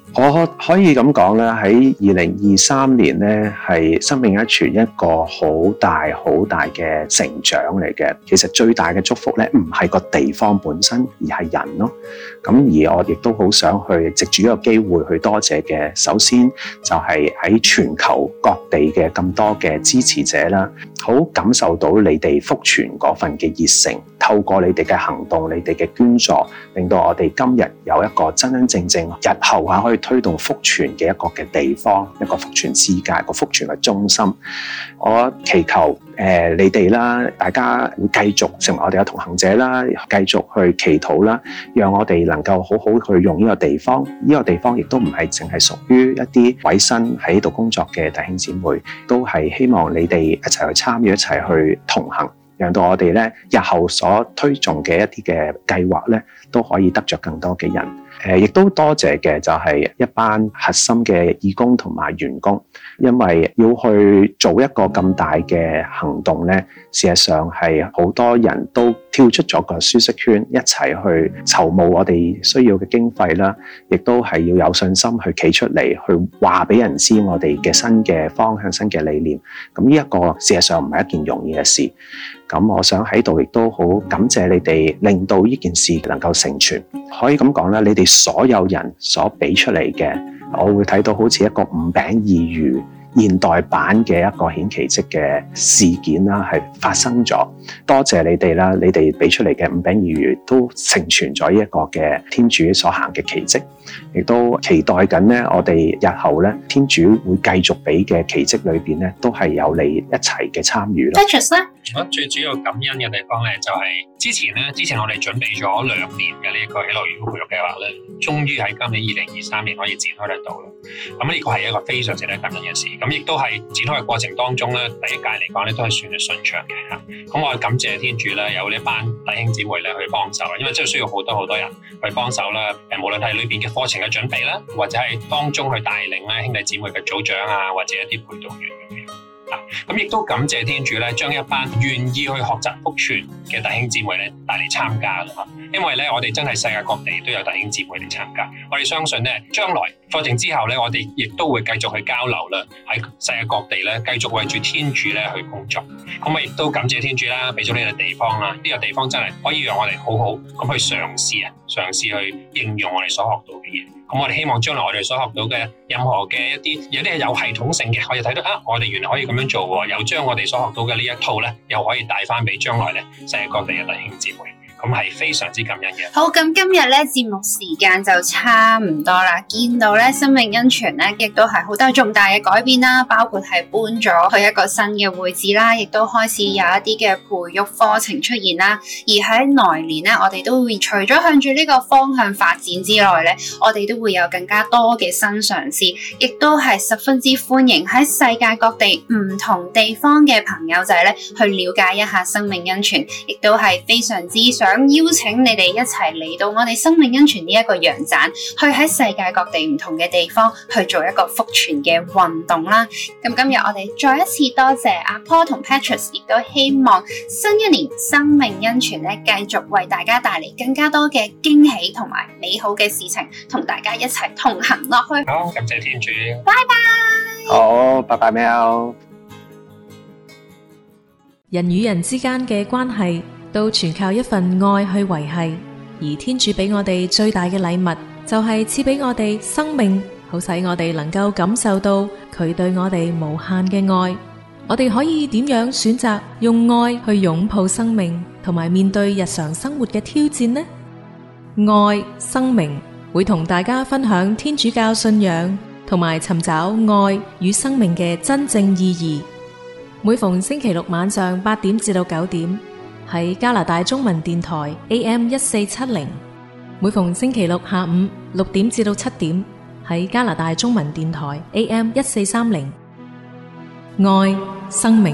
我可以咁講啦，喺二零二三年呢，係生命恩泉一個好大好大嘅成長嚟嘅。其實最大嘅祝福呢，唔係個地方本身，而係人咯。咁而我亦都好想去藉住一個機會去多謝嘅。首先就係喺全球各地嘅咁多嘅支持者啦，好感受到你哋福傳嗰份嘅熱誠，透過你哋嘅行動，你哋嘅捐助，令到我哋今日有一個真真正正，日後啊可以。推動福傳嘅一個嘅地方，一個福傳視界，一個福傳嘅中心。我祈求誒、呃、你哋啦，大家會繼續成為我哋嘅同行者啦，繼續去祈禱啦，讓我哋能夠好好去用呢個地方。呢、這個地方亦都唔係淨係屬於一啲委身喺度工作嘅弟兄姊妹，都係希望你哋一齊去參與，一齊去同行，讓到我哋呢日後所推崇嘅一啲嘅計劃呢，都可以得着更多嘅人。誒，亦都多謝嘅就係一班核心嘅義工同埋員工，因為要去做一個咁大嘅行動呢，事實上係好多人都跳出咗個舒適圈，一齊去籌募我哋需要嘅經費啦，亦都係要有信心去企出嚟，去話俾人知我哋嘅新嘅方向、新嘅理念。咁呢一個事實上唔係一件容易嘅事。咁我想喺度亦都好感謝你哋，令到呢件事能夠成全。可以咁講啦，你哋。所有人所畀出嚟嘅，我會睇到好似一個五餅二魚。現代版嘅一個顯奇蹟嘅事件啦，係發生咗。多謝你哋啦，你哋俾出嚟嘅五餅二魚都成全咗呢一個嘅天主所行嘅奇蹟，亦都期待緊咧，我哋日後咧天主會繼續俾嘅奇蹟裏邊咧，都係有你一齊嘅參與咯。 我最主要感恩嘅地方咧，就係之前咧，之前我哋準備咗兩年嘅呢一個喜樂魚飼育計劃咧，終於喺今年二零二三年可以展開得到啦。咁呢個係一個非常值得感恩嘅事。咁亦都係展開嘅過程當中咧，第一屆嚟講咧都係算係順暢嘅嚇。咁我感謝天主咧，有呢一班弟兄姊妹咧去幫手，因為真係需要好多好多人去幫手啦。誒，無論係裏邊嘅課程嘅準備啦，或者係當中去帶領咧兄弟姊妹嘅組長啊，或者一啲陪導員嘅。咁亦都感謝天主咧，將一班願意去學習福傳嘅弟兄姊妹咧帶嚟參加啦。因為咧，我哋真係世界各地都有弟兄姊妹嚟參加。我哋相信咧，將來課程之後咧，我哋亦都會繼續去交流啦。喺世界各地咧，繼續為住天主咧去工作。咁我亦都感謝天主啦，俾咗呢個地方啦。呢個地方真係可以讓我哋好好咁去嘗試啊，嘗試去應用我哋所學到嘅嘢。咁我哋希望將來我哋所學到嘅任何嘅一啲，有啲係有系統性嘅，我哋睇到啊，我哋原來可以咁樣做。又將我哋所學到嘅呢一套咧，又可以帶返俾將來咧世界各地嘅弟兄姊妹。咁係非常之感人嘅。好，咁今日咧節目時間就差唔多啦。見到咧生命恩泉咧，亦都係好多重大嘅改變啦，包括係搬咗去一個新嘅會址啦，亦都開始有一啲嘅培育課程出現啦。而喺來年咧，我哋都會除咗向住呢個方向發展之外咧，我哋都會有更加多嘅新嘗試，亦都係十分之歡迎喺世界各地唔同地方嘅朋友仔咧去了解一下生命恩泉，亦都係非常之想。想邀請你哋一齊嚟到我哋生命恩泉呢一個羊棧，去喺世界各地唔同嘅地方去做一個福傳嘅運動啦。咁今日我哋再一次多謝阿 Paul 同 Patrice，亦都希望新一年生命恩泉咧，繼續為大家帶嚟更加多嘅驚喜同埋美好嘅事情，同大家一齊同行落去。好，感謝天主。拜拜 bye。好，拜拜喵。人與人之間嘅關係。都全靠一份愛去維繫，而天主俾我哋最大嘅禮物，就係賜俾我哋生命，好使我哋能夠感受到佢對我哋無限嘅愛。我哋可以點樣選擇用愛去擁抱生命，同埋面對日常生活嘅挑戰呢？愛生命會同大家分享天主教信仰，同埋尋找愛與生命嘅真正意義。每逢星期六晚上八點至到九點。喺加拿大中文電台 AM 一四七零，每逢星期六下午六點至到七點，喺加拿大中文電台 AM 一四三零。愛生命，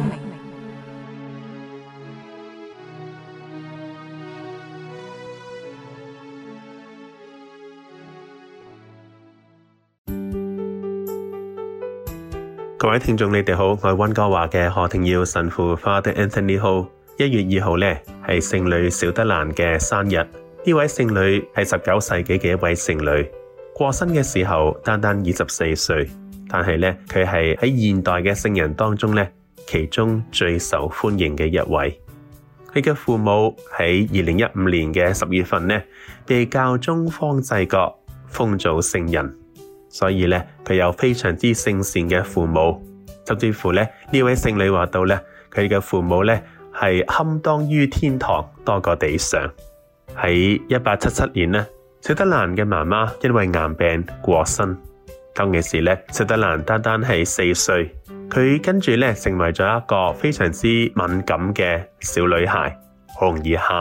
各位聽眾你哋好，我係温哥華嘅何庭耀神父 Father Anthony Ho。一月二號呢，係聖女小德蘭嘅生日。呢位聖女係十九世紀嘅一位聖女，過身嘅時候單單二十四歲，但係呢，佢係喺現代嘅聖人當中呢，其中最受歡迎嘅一位。佢嘅父母喺二零一五年嘅十月份呢，被教宗方濟各封做聖人，所以呢，佢有非常之聖善嘅父母，甚至乎呢，呢位聖女話到呢，佢嘅父母呢，係堪當於天堂多過地上。喺一八七七年呢，小德蘭嘅媽媽因為癌病過身，當其時咧，小德蘭單單係四歲，佢跟住咧成為咗一個非常之敏感嘅小女孩，好容易喊，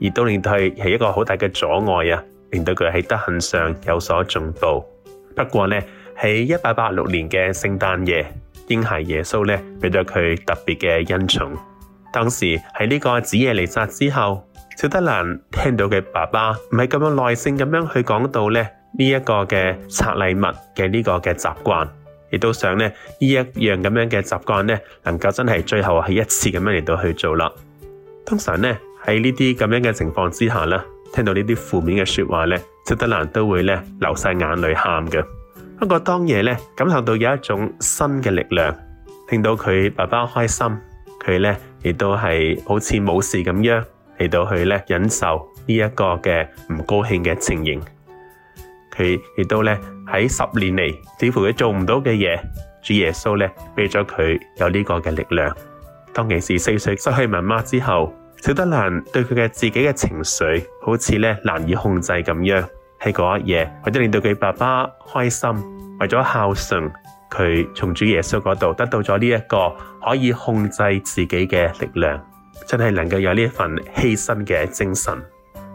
而當年係係一個好大嘅阻礙啊，令到佢喺德行上有所進步。不過呢，喺一八八六年嘅聖誕夜，嬰孩耶穌咧俾咗佢特別嘅恩寵。當時喺呢個子夜彌撒之後，小德蘭聽到嘅爸爸唔係咁樣耐性咁樣去講到咧呢一個嘅拆禮物嘅呢個嘅習慣，亦都想咧呢這一樣咁樣嘅習慣咧，能夠真係最後係一次咁樣嚟到去做啦。通常咧喺呢啲咁樣嘅情況之下啦，聽到呢啲負面嘅說話咧，小德蘭都會咧流晒眼淚喊嘅。不過當夜咧感受到有一種新嘅力量，令到佢爸爸開心，佢咧。亦都係好似冇事咁樣嚟到去咧忍受呢一個嘅唔高興嘅情形。佢亦都咧喺十年嚟，似乎佢做唔到嘅嘢，主耶穌咧俾咗佢有呢個嘅力量。當其時四歲失去媽媽之後，小德蘭對佢嘅自己嘅情緒好似咧難以控制咁樣。喺嗰一夜，為咗令到佢爸爸開心，為咗孝順，佢從主耶穌嗰度得到咗呢一個。可以控制自己嘅力量，真係能夠有呢一份犧牲嘅精神。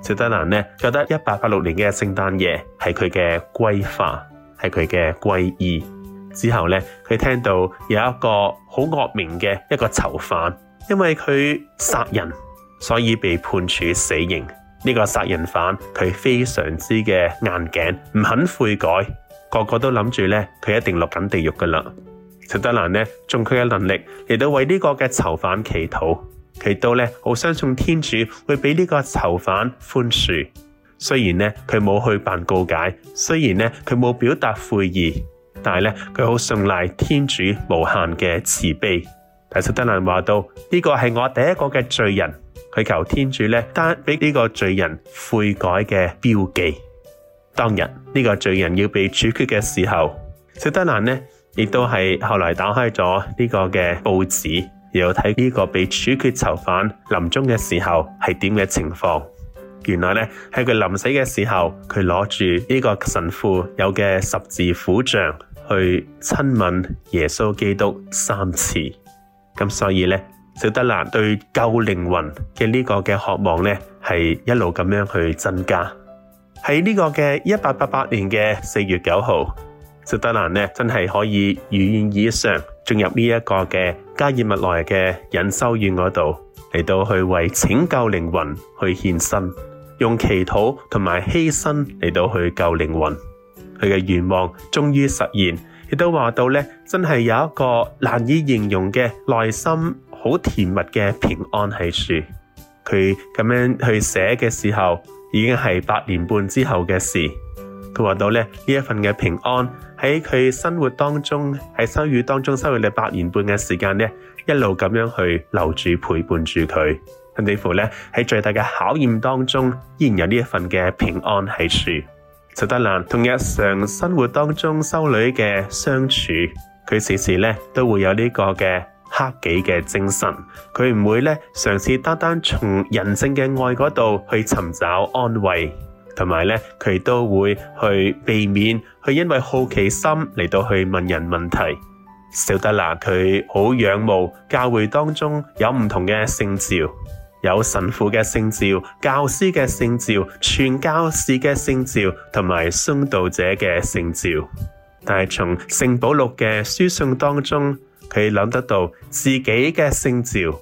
小德蘭呢，覺得一八八六年嘅聖誕夜係佢嘅歸化，係佢嘅歸依。之後呢，佢聽到有一個好惡名嘅一個囚犯，因為佢殺人，所以被判處死刑。呢個殺人犯佢非常之嘅硬頸，唔肯悔改。個個都諗住呢，佢一定落緊地獄噶啦。小德蘭咧，用佢嘅能力嚟到為呢個嘅囚犯祈禱，佢都咧好相信天主會俾呢個囚犯寬恕。雖然咧佢冇去辦告解，雖然咧佢冇表達悔意，但係咧佢好信賴天主無限嘅慈悲。但係小德蘭話到呢個係我第一個嘅罪人，佢求天主咧加俾呢個罪人悔改嘅標記。當日呢個罪人要被處決嘅時候，小德蘭咧。亦都係後來打開咗呢個嘅報紙，又有睇呢個被處決囚犯臨終嘅時候係點嘅情況。原來呢，喺佢臨死嘅時候，佢攞住呢個神父有嘅十字苦像去親吻耶穌基督三次。咁所以呢，小德蘭對救靈魂嘅呢個嘅渴望呢，係一路咁樣去增加。喺呢個嘅一八八八年嘅四月九號。聖德蘭咧，真係可以如願以償進入呢一個嘅加爾默萊嘅隱修院嗰度，嚟到去為拯救靈魂去獻身，用祈禱同埋犧牲嚟到去救靈魂。佢嘅願望終於實現，亦都話到咧，真係有一個難以形容嘅內心好甜蜜嘅平安喺處。佢咁樣去寫嘅時候，已經係八年半之後嘅事。佢話到咧，呢一份嘅平安喺佢生活當中，喺修女當中修了八年半嘅時間咧，一路咁樣去留住陪伴住佢，甚至乎咧喺最大嘅考驗當中，依然有呢一份嘅平安喺處。就德蘭同日常生活當中修女嘅相處，佢時時咧都會有呢個嘅克己嘅精神，佢唔會咧，嘗試單單從人性嘅愛嗰度去尋找安慰。同埋咧，佢都會去避免去因為好奇心嚟到去問人問題。小德蘭佢好仰慕教會當中有唔同嘅聖召，有神父嘅聖召、教師嘅聖召、傳教士嘅聖召，同埋殉道者嘅聖召。但係從聖保祿嘅書信當中，佢諗得到自己嘅聖召。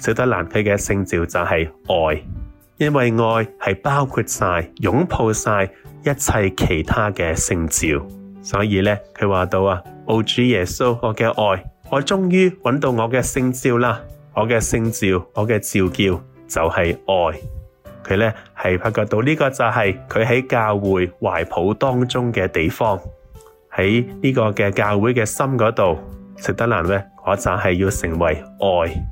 小德蘭佢嘅聖召就係愛。因為愛是包括晒擁抱晒一切其他的聖召，所以咧佢話到啊，奧主耶穌，我的愛，我終於找到我的聖召啦。我的聖召，我的召叫就是愛。他咧係發覺到，這個就是他在教會懷抱當中的地方，在這個教會的心那裡，斯德蘭咧，我就是要成為愛。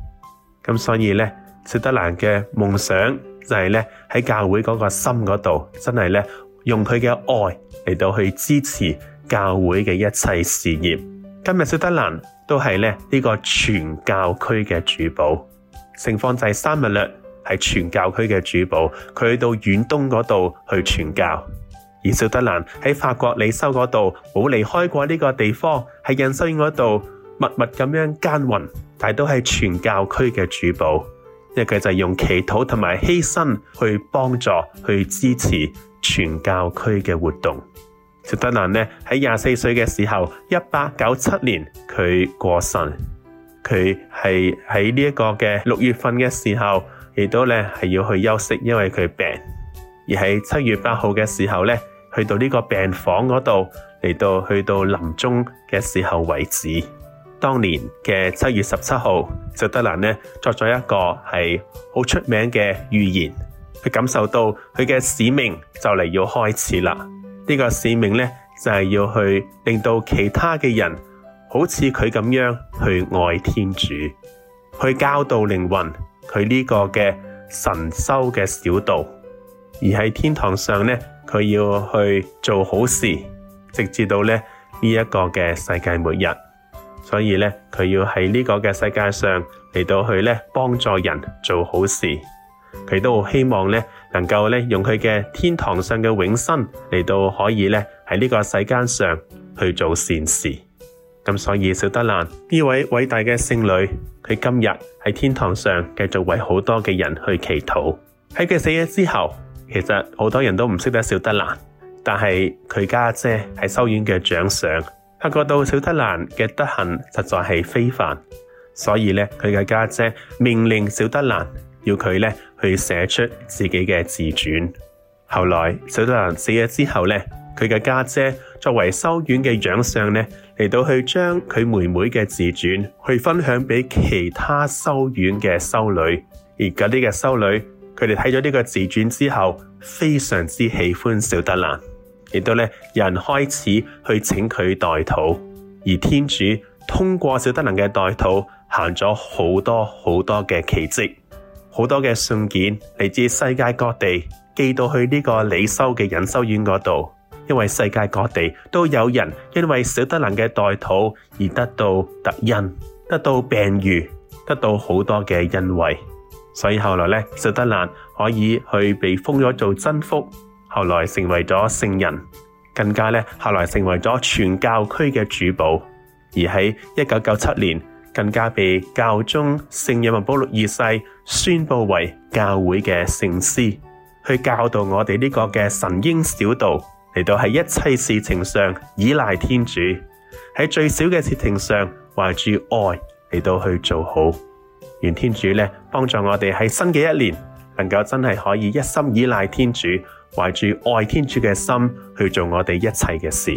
咁所以咧，斯德蘭的夢想。就係咧喺教會嗰個心嗰度，真係咧用佢嘅愛嚟到去支持教會嘅一切事業。今日小德蘭都係咧呢個全教區嘅主保。聖方濟沙勿略係全教區嘅主保，佢去到遠東嗰度去傳教，而小德蘭喺法國利修嗰度冇離開過呢個地方，喺隱修院嗰度默默咁樣耕耘，但都係全教區嘅主保。一個就係用祈禱同埋犧牲去幫助、去支持全教區嘅活動。小德蘭呢喺廿四歲嘅時候，一八九七年佢過身，佢係喺呢一個嘅六月份嘅時候，亦都呢係要去休息，因為佢病。而喺七月八號嘅時候呢去到呢個病房嗰度嚟到去到臨終嘅時候為止。當年嘅七月十七號，就德蘭呢作咗一個係好出名嘅預言，佢感受到佢嘅使命就嚟要開始啦。呢、這個使命呢就係、是、要去令到其他嘅人好似佢咁樣去愛天主，去教導靈魂佢呢個嘅神修嘅小道，而喺天堂上呢，佢要去做好事，直至到呢呢一、這個嘅世界末日。所以咧，佢要喺呢個嘅世界上嚟到去咧幫助人做好事，佢都好希望咧能夠咧用佢嘅天堂上嘅永生嚟到可以咧喺呢個世間上去做善事。咁所以小德蘭呢位偉大嘅聖女，佢今日喺天堂上繼續為好多嘅人去祈禱。喺佢死咗之後，其實好多人都唔識得小德蘭，但係佢家姐係修院嘅長上。發覺到小德蘭嘅德行實在係非凡，所以呢，佢嘅家姐命令小德蘭要佢去寫出自己嘅自傳。後來小德蘭死咗之後呢，佢嘅家姐作為修院嘅長上呢，嚟到去將佢妹妹嘅自傳去分享畀其他修院嘅修女，而嗰啲嘅修女佢哋睇咗呢個自傳之後，非常之喜歡小德蘭。亦都咧，有人開始去請佢代禱，而天主通過小德蘭嘅代禱，行咗好多好多嘅奇蹟，好多嘅信件嚟自世界各地寄到去呢個理修嘅隱修院嗰度，因為世界各地都有人因為小德蘭嘅代禱而得到特恩，得到病癒，得到好多嘅恩惠，所以後來咧，小德蘭可以去被封咗做真福。後來成為咗聖人，更加咧後來成為咗全教區嘅主保，而喺一九九七年更加被教宗聖若望保祿二世宣布為教會嘅聖師，去教導我哋呢個嘅神嬰小道嚟到喺一切事情上依賴天主，喺最小嘅事情上懷住愛嚟到去做好，願天主咧幫助我哋喺新嘅一年能夠真係可以一心依賴天主。懷住愛天主嘅心去做我哋一切嘅事，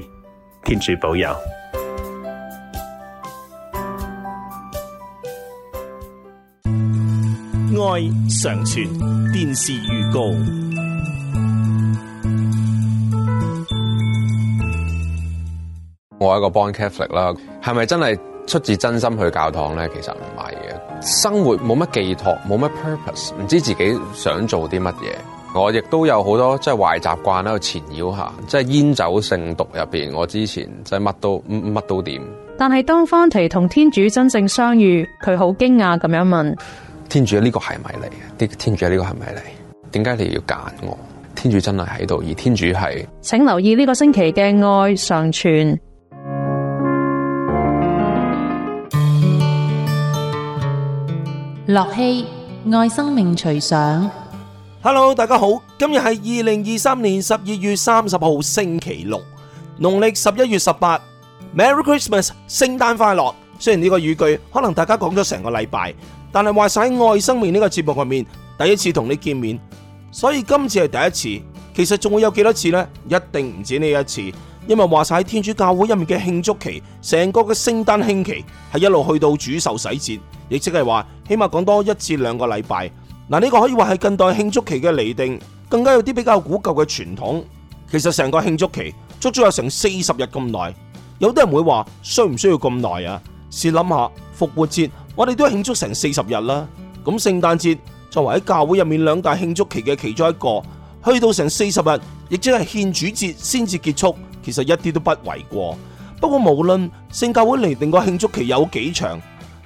天主保佑。愛常傳電視預告。我係一個 born Catholic 啦，係咪真係出自真心去教堂咧？其實唔係嘅，生活冇乜寄託，冇乜 purpose，唔知自己想做啲乜嘢。我亦都有好多即係壞習慣喺度纏繞下，即係煙酒性毒入邊。我之前即係乜都乜都掂。但係當方提同天主真正相遇，佢好驚訝咁樣問：天主呀，呢個係咪你？啲天主呢個係咪你？點解你要揀我？天主真係喺度，而天主係。請留意呢個星期嘅愛常傳。駱曦，愛生命隨想。Hello，大家好，今日係二零二三年十二月三十號星期六，農曆十一月十八，Merry Christmas，聖誕快樂。雖然呢個語句可能大家講咗成個禮拜，但係話晒喺愛生命呢個節目入面第一次同你見面，所以今次係第一次，其實仲會有幾多次呢？一定唔止呢一次，因為話晒喺天主教會入面嘅慶祝期，成個嘅聖誕慶期係一路去到主受洗節，亦即係話起碼講多，多一至兩個禮拜。嗱，呢個可以話係近代慶祝期嘅釐定，更加有啲比較古舊嘅傳統。其實成個慶祝期足足有成四十日咁耐，有啲人會話需唔需要咁耐啊？試諗下復活節我哋都慶祝成四十日啦，咁聖誕節作為喺教會入面兩大慶祝期嘅其中一個，去到成四十日，亦即係獻主節先至結束，其實一啲都不為過。不過無論聖教會釐定個慶祝期有幾長。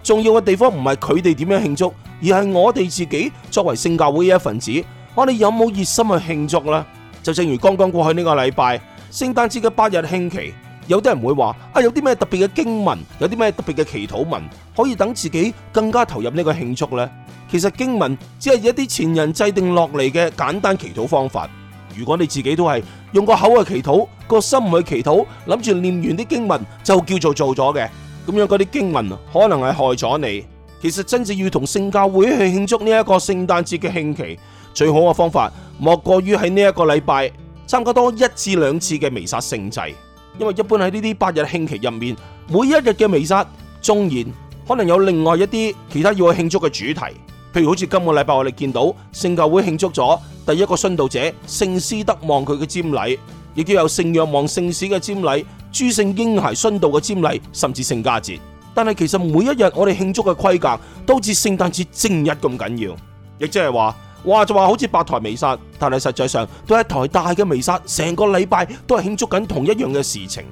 重要嘅地方唔係佢哋點樣慶祝，而係我哋自己作為聖教會嘅一份子，啊，我哋有冇熱心去慶祝啦？就正如剛剛過去呢個禮拜，聖誕節嘅八日慶期，有啲人會話啊，有啲咩特別嘅經文，有啲咩特別嘅祈禱文，可以等自己更加投入呢個慶祝咧？其實經文只係一啲前人制定落嚟嘅簡單祈禱方法。如果你自己都係用個口去祈禱，個心唔去祈禱，諗住念完啲經文就叫做做咗嘅。咁樣嗰啲經文可能係害咗你。其實真正要同聖教會去慶祝呢一個聖誕節嘅慶期，最好嘅方法莫過於喺呢一個禮拜參加多一至兩次嘅彌撒聖祭。因為一般喺呢啲八日慶期入面，每一日嘅彌撒，縱然可能有另外一啲其他要去慶祝嘅主題，譬如好似今個禮拜我哋見到聖教會慶祝咗第一個殉道者聖斯德望佢嘅瞻禮。亦都有聖若望聖史嘅瞻禮、諸聖嬰孩殉道嘅瞻禮，甚至聖家節。但係其實每一日我哋慶祝嘅規格，都似聖誕節正日咁緊要。亦即係話，話就話好似八台彌撒，但係實際上都係一台大嘅彌撒，成個禮拜都係慶祝緊同一樣嘅事情。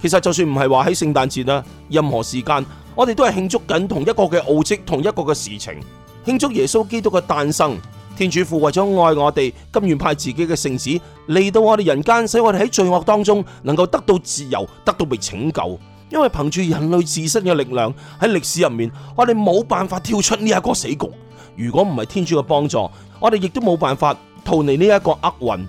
其實就算唔係話喺聖誕節啦，任何時間我哋都係慶祝緊同一個嘅奧蹟、同一個嘅事情，慶祝耶穌基督嘅誕生。天主父為咗愛我哋，甘願派自己嘅聖子嚟到我哋人間，使我哋喺罪惡當中能夠得到自由，得到被拯救。因為憑住人類自身嘅力量，喺歷史入面，我哋冇辦法跳出呢一個死局。如果唔係天主嘅幫助，我哋亦都冇辦法逃離呢一個厄運。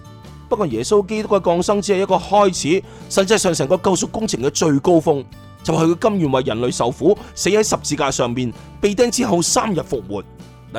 不過耶穌基督嘅降生只係一個開始，實際上成個救贖工程嘅最高峰，就係佢甘願為人類受苦，死喺十字架上面，被釘之後三日復活。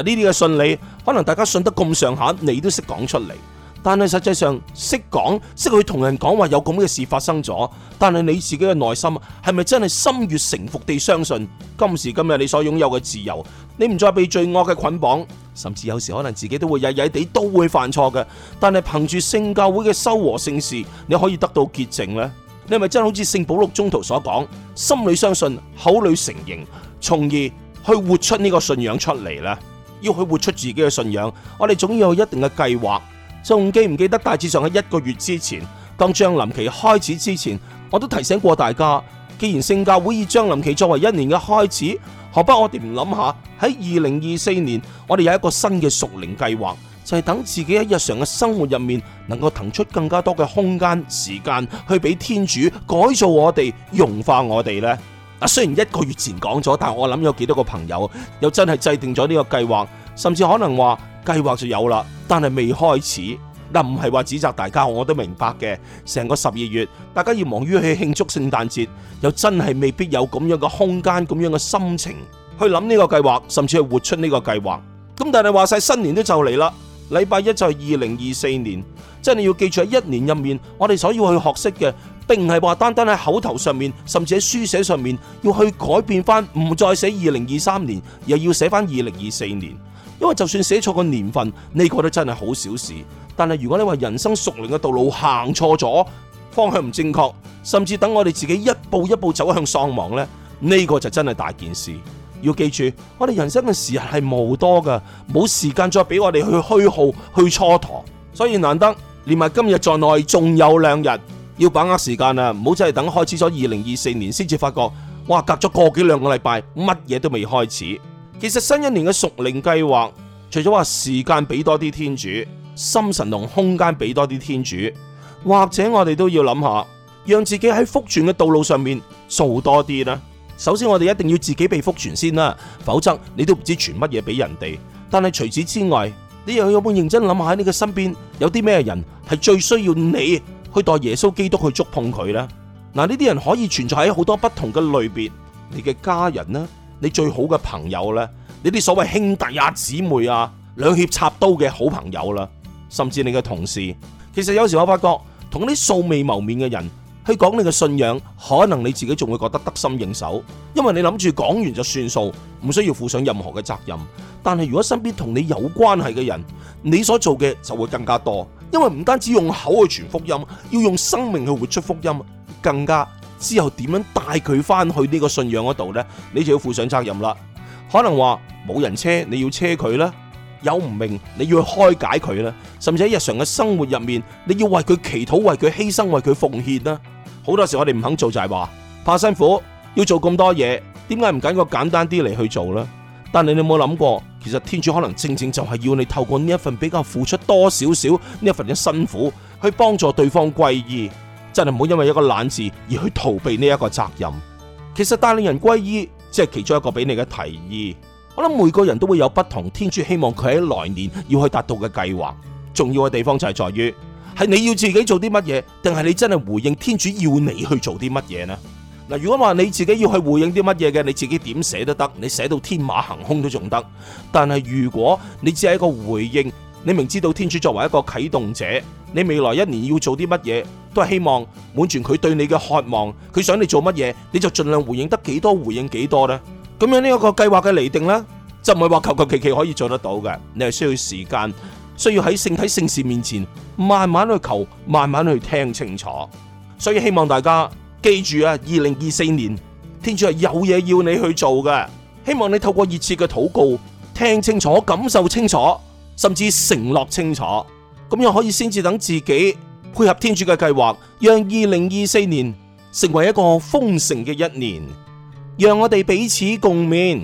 呢啲嘅信理，可能大家信得咁上下，你都識講出嚟。但係實際上，識講，識去同人講話有咁嘅事發生咗。但係你自己嘅內心係咪真係心悅誠服地相信今時今日你所擁有嘅自由，你唔再被罪惡嘅捆綁？甚至有時候可能自己都會曳曳地都會犯錯嘅。但係憑住聖教會嘅修和聖事，你可以得到潔淨咧。你係咪真係好似聖保祿宗徒所講，心裏相信，口裏承認，從而去活出呢個信仰出嚟咧？要佢活出自己嘅信仰，我哋總要有一定嘅計劃。仲記唔記得大致上喺一個月之前，當將臨期開始之前，我都提醒過大家。既然聖教會以將臨期作為一年嘅開始，何不我哋唔諗下喺二零二四年，我哋有一個新嘅屬靈計劃，就係、是、等自己喺日常嘅生活入面，能夠騰出更加多嘅空間、時間去俾天主改造我哋、融化我哋咧。嗱，雖然一個月前講咗，但我諗有幾多個朋友又真係制定咗呢個計劃，甚至可能話計劃就有啦，但係未開始。嗱，唔係話指責大家，我都明白嘅。成個十二月，大家要忙於去慶祝聖誕節，又真係未必有咁樣嘅空間、咁樣嘅心情去諗呢個計劃，甚至係活出呢個計劃。咁但係話晒，新年都就嚟啦，禮拜一就係二零二四年，即係你要記住喺一年入面，我哋所要去學識嘅。並唔係話單單喺口頭上面，甚至喺書寫上面要去改變翻，唔再寫二零二三年，又要寫翻二零二四年。因為就算寫錯個年份，呢個都真係好小事。但係如果你話人生熟齡嘅道路行錯咗，方向唔正確，甚至等我哋自己一步一步走向喪亡呢，呢個就真係大件事。要記住，我哋人生嘅時日係無多噶，冇時間再俾我哋去虛耗、去蹉跎。所以難得連埋今日在內，仲有兩日。要把握時間啊，唔好真係等開始咗二零二四年先至發覺，哇！隔咗個幾兩個禮拜，乜嘢都未開始。其實新一年嘅屬靈計劃，除咗話時間俾多啲天主，心神同空間俾多啲天主，或者我哋都要諗下，讓自己喺福傳嘅道路上面做多啲啦。首先我哋一定要自己被福傳先啦，否則你都唔知傳乜嘢俾人哋。但係除此之外，你又有冇認真諗下喺你嘅身邊有啲咩人係最需要你？去代耶穌基督去觸碰佢啦，嗱呢啲人可以存在喺好多不同嘅類別，你嘅家人啦，你最好嘅朋友啦，你啲所謂兄弟啊、姊妹啊、兩脅插刀嘅好朋友啦，甚至你嘅同事。其實有時我發覺同嗰啲素未謀面嘅人去講你嘅信仰，可能你自己仲會覺得得心應手，因為你諗住講完就算數，唔需要負上任何嘅責任。但係如果身邊同你有關係嘅人，你所做嘅就會更加多。因為唔單止用口去傳福音，要用生命去活出福音，更加之後點樣帶佢翻去呢個信仰嗰度呢？你就要負上責任啦。可能話冇人車，你要車佢啦；有唔明，你要去開解佢啦。甚至喺日常嘅生活入面，你要為佢祈禱，為佢犧牲，為佢奉獻啦。好多時我哋唔肯做就係話怕辛苦，要做咁多嘢，點解唔揀個簡單啲嚟去做呢？但係你有冇諗過？其實天主可能正正就係要你透過呢一份比較付出多少少呢一份嘅辛苦，去幫助對方歸依。真係唔好因為一個懶字而去逃避呢一個責任。其實帶領人歸依，即係其中一個俾你嘅提議。我諗每個人都會有不同，天主希望佢喺來年要去達到嘅計劃。重要嘅地方就係在於，係你要自己做啲乜嘢，定係你真係回應天主要你去做啲乜嘢呢？嗱，如果話你自己要去回應啲乜嘢嘅，你自己點寫都得，你寫到天馬行空都仲得。但係如果你只係一個回應，你明知道天主作為一個啟動者，你未來一年要做啲乜嘢，都係希望滿全佢對你嘅渴望，佢想你做乜嘢，你就盡量回應得幾多，回應幾多呢？咁樣呢一個計劃嘅釐定呢，就唔係話求求其其可以做得到嘅，你係需要時間，需要喺聖體聖事面前慢慢去求，慢慢去聽清楚。所以希望大家。記住啊，二零二四年天主係有嘢要你去做嘅，希望你透過熱切嘅禱告，聽清楚、感受清楚，甚至承諾清楚，咁樣可以先至等自己配合天主嘅計劃，讓二零二四年成為一個豐盛嘅一年，讓我哋彼此共勉。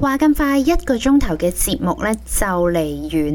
話咁快一個鐘頭嘅節目呢就嚟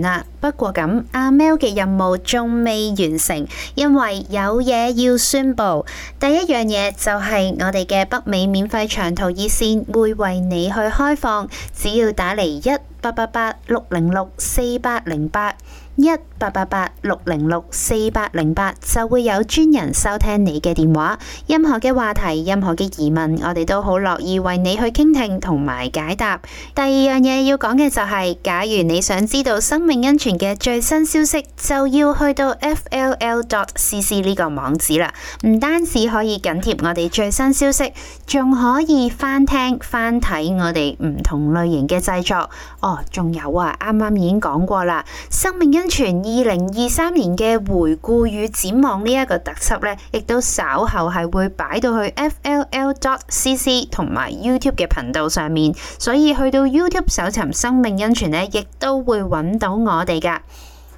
完喇，不過咁，阿 Mel 嘅任務仲未完成，因為有嘢要宣布。第一樣嘢就係我哋嘅北美免費長途熱線會為你去開放，只要打嚟一八八八六零六四八零八一。八八八六零六四八零八就會有專人收聽你嘅電話，任何嘅話題，任何嘅疑問，我哋都好樂意為你去傾聽同埋解答。第二樣嘢要講嘅就係，假如你想知道生命恩泉嘅最新消息，就要去到 fll.cc 呢個網址啦。唔單止可以緊貼我哋最新消息，仲可以翻聽翻睇我哋唔同類型嘅製作。哦，仲有啊，啱啱已經講過啦，生命恩泉。二零二三年嘅回顧與展望呢一個特輯呢，亦都稍後係會擺到去 FLL.CC 同埋 YouTube 嘅頻道上面，所以去到 YouTube 搜尋生命恩泉呢，亦都會揾到我哋噶。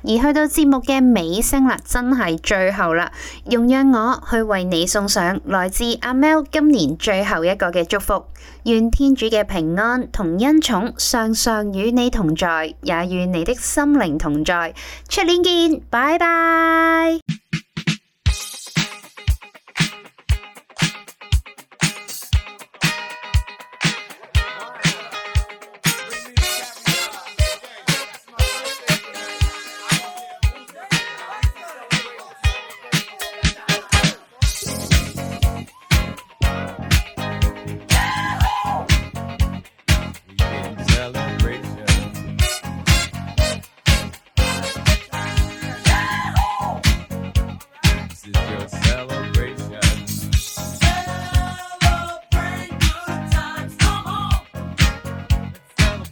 而去到節目嘅尾聲啦，真係最後啦，容讓我去為你送上來自阿 Mel 今年最後一個嘅祝福，願天主嘅平安同恩寵常常與你同在，也與你的心靈同在，出年見，拜拜。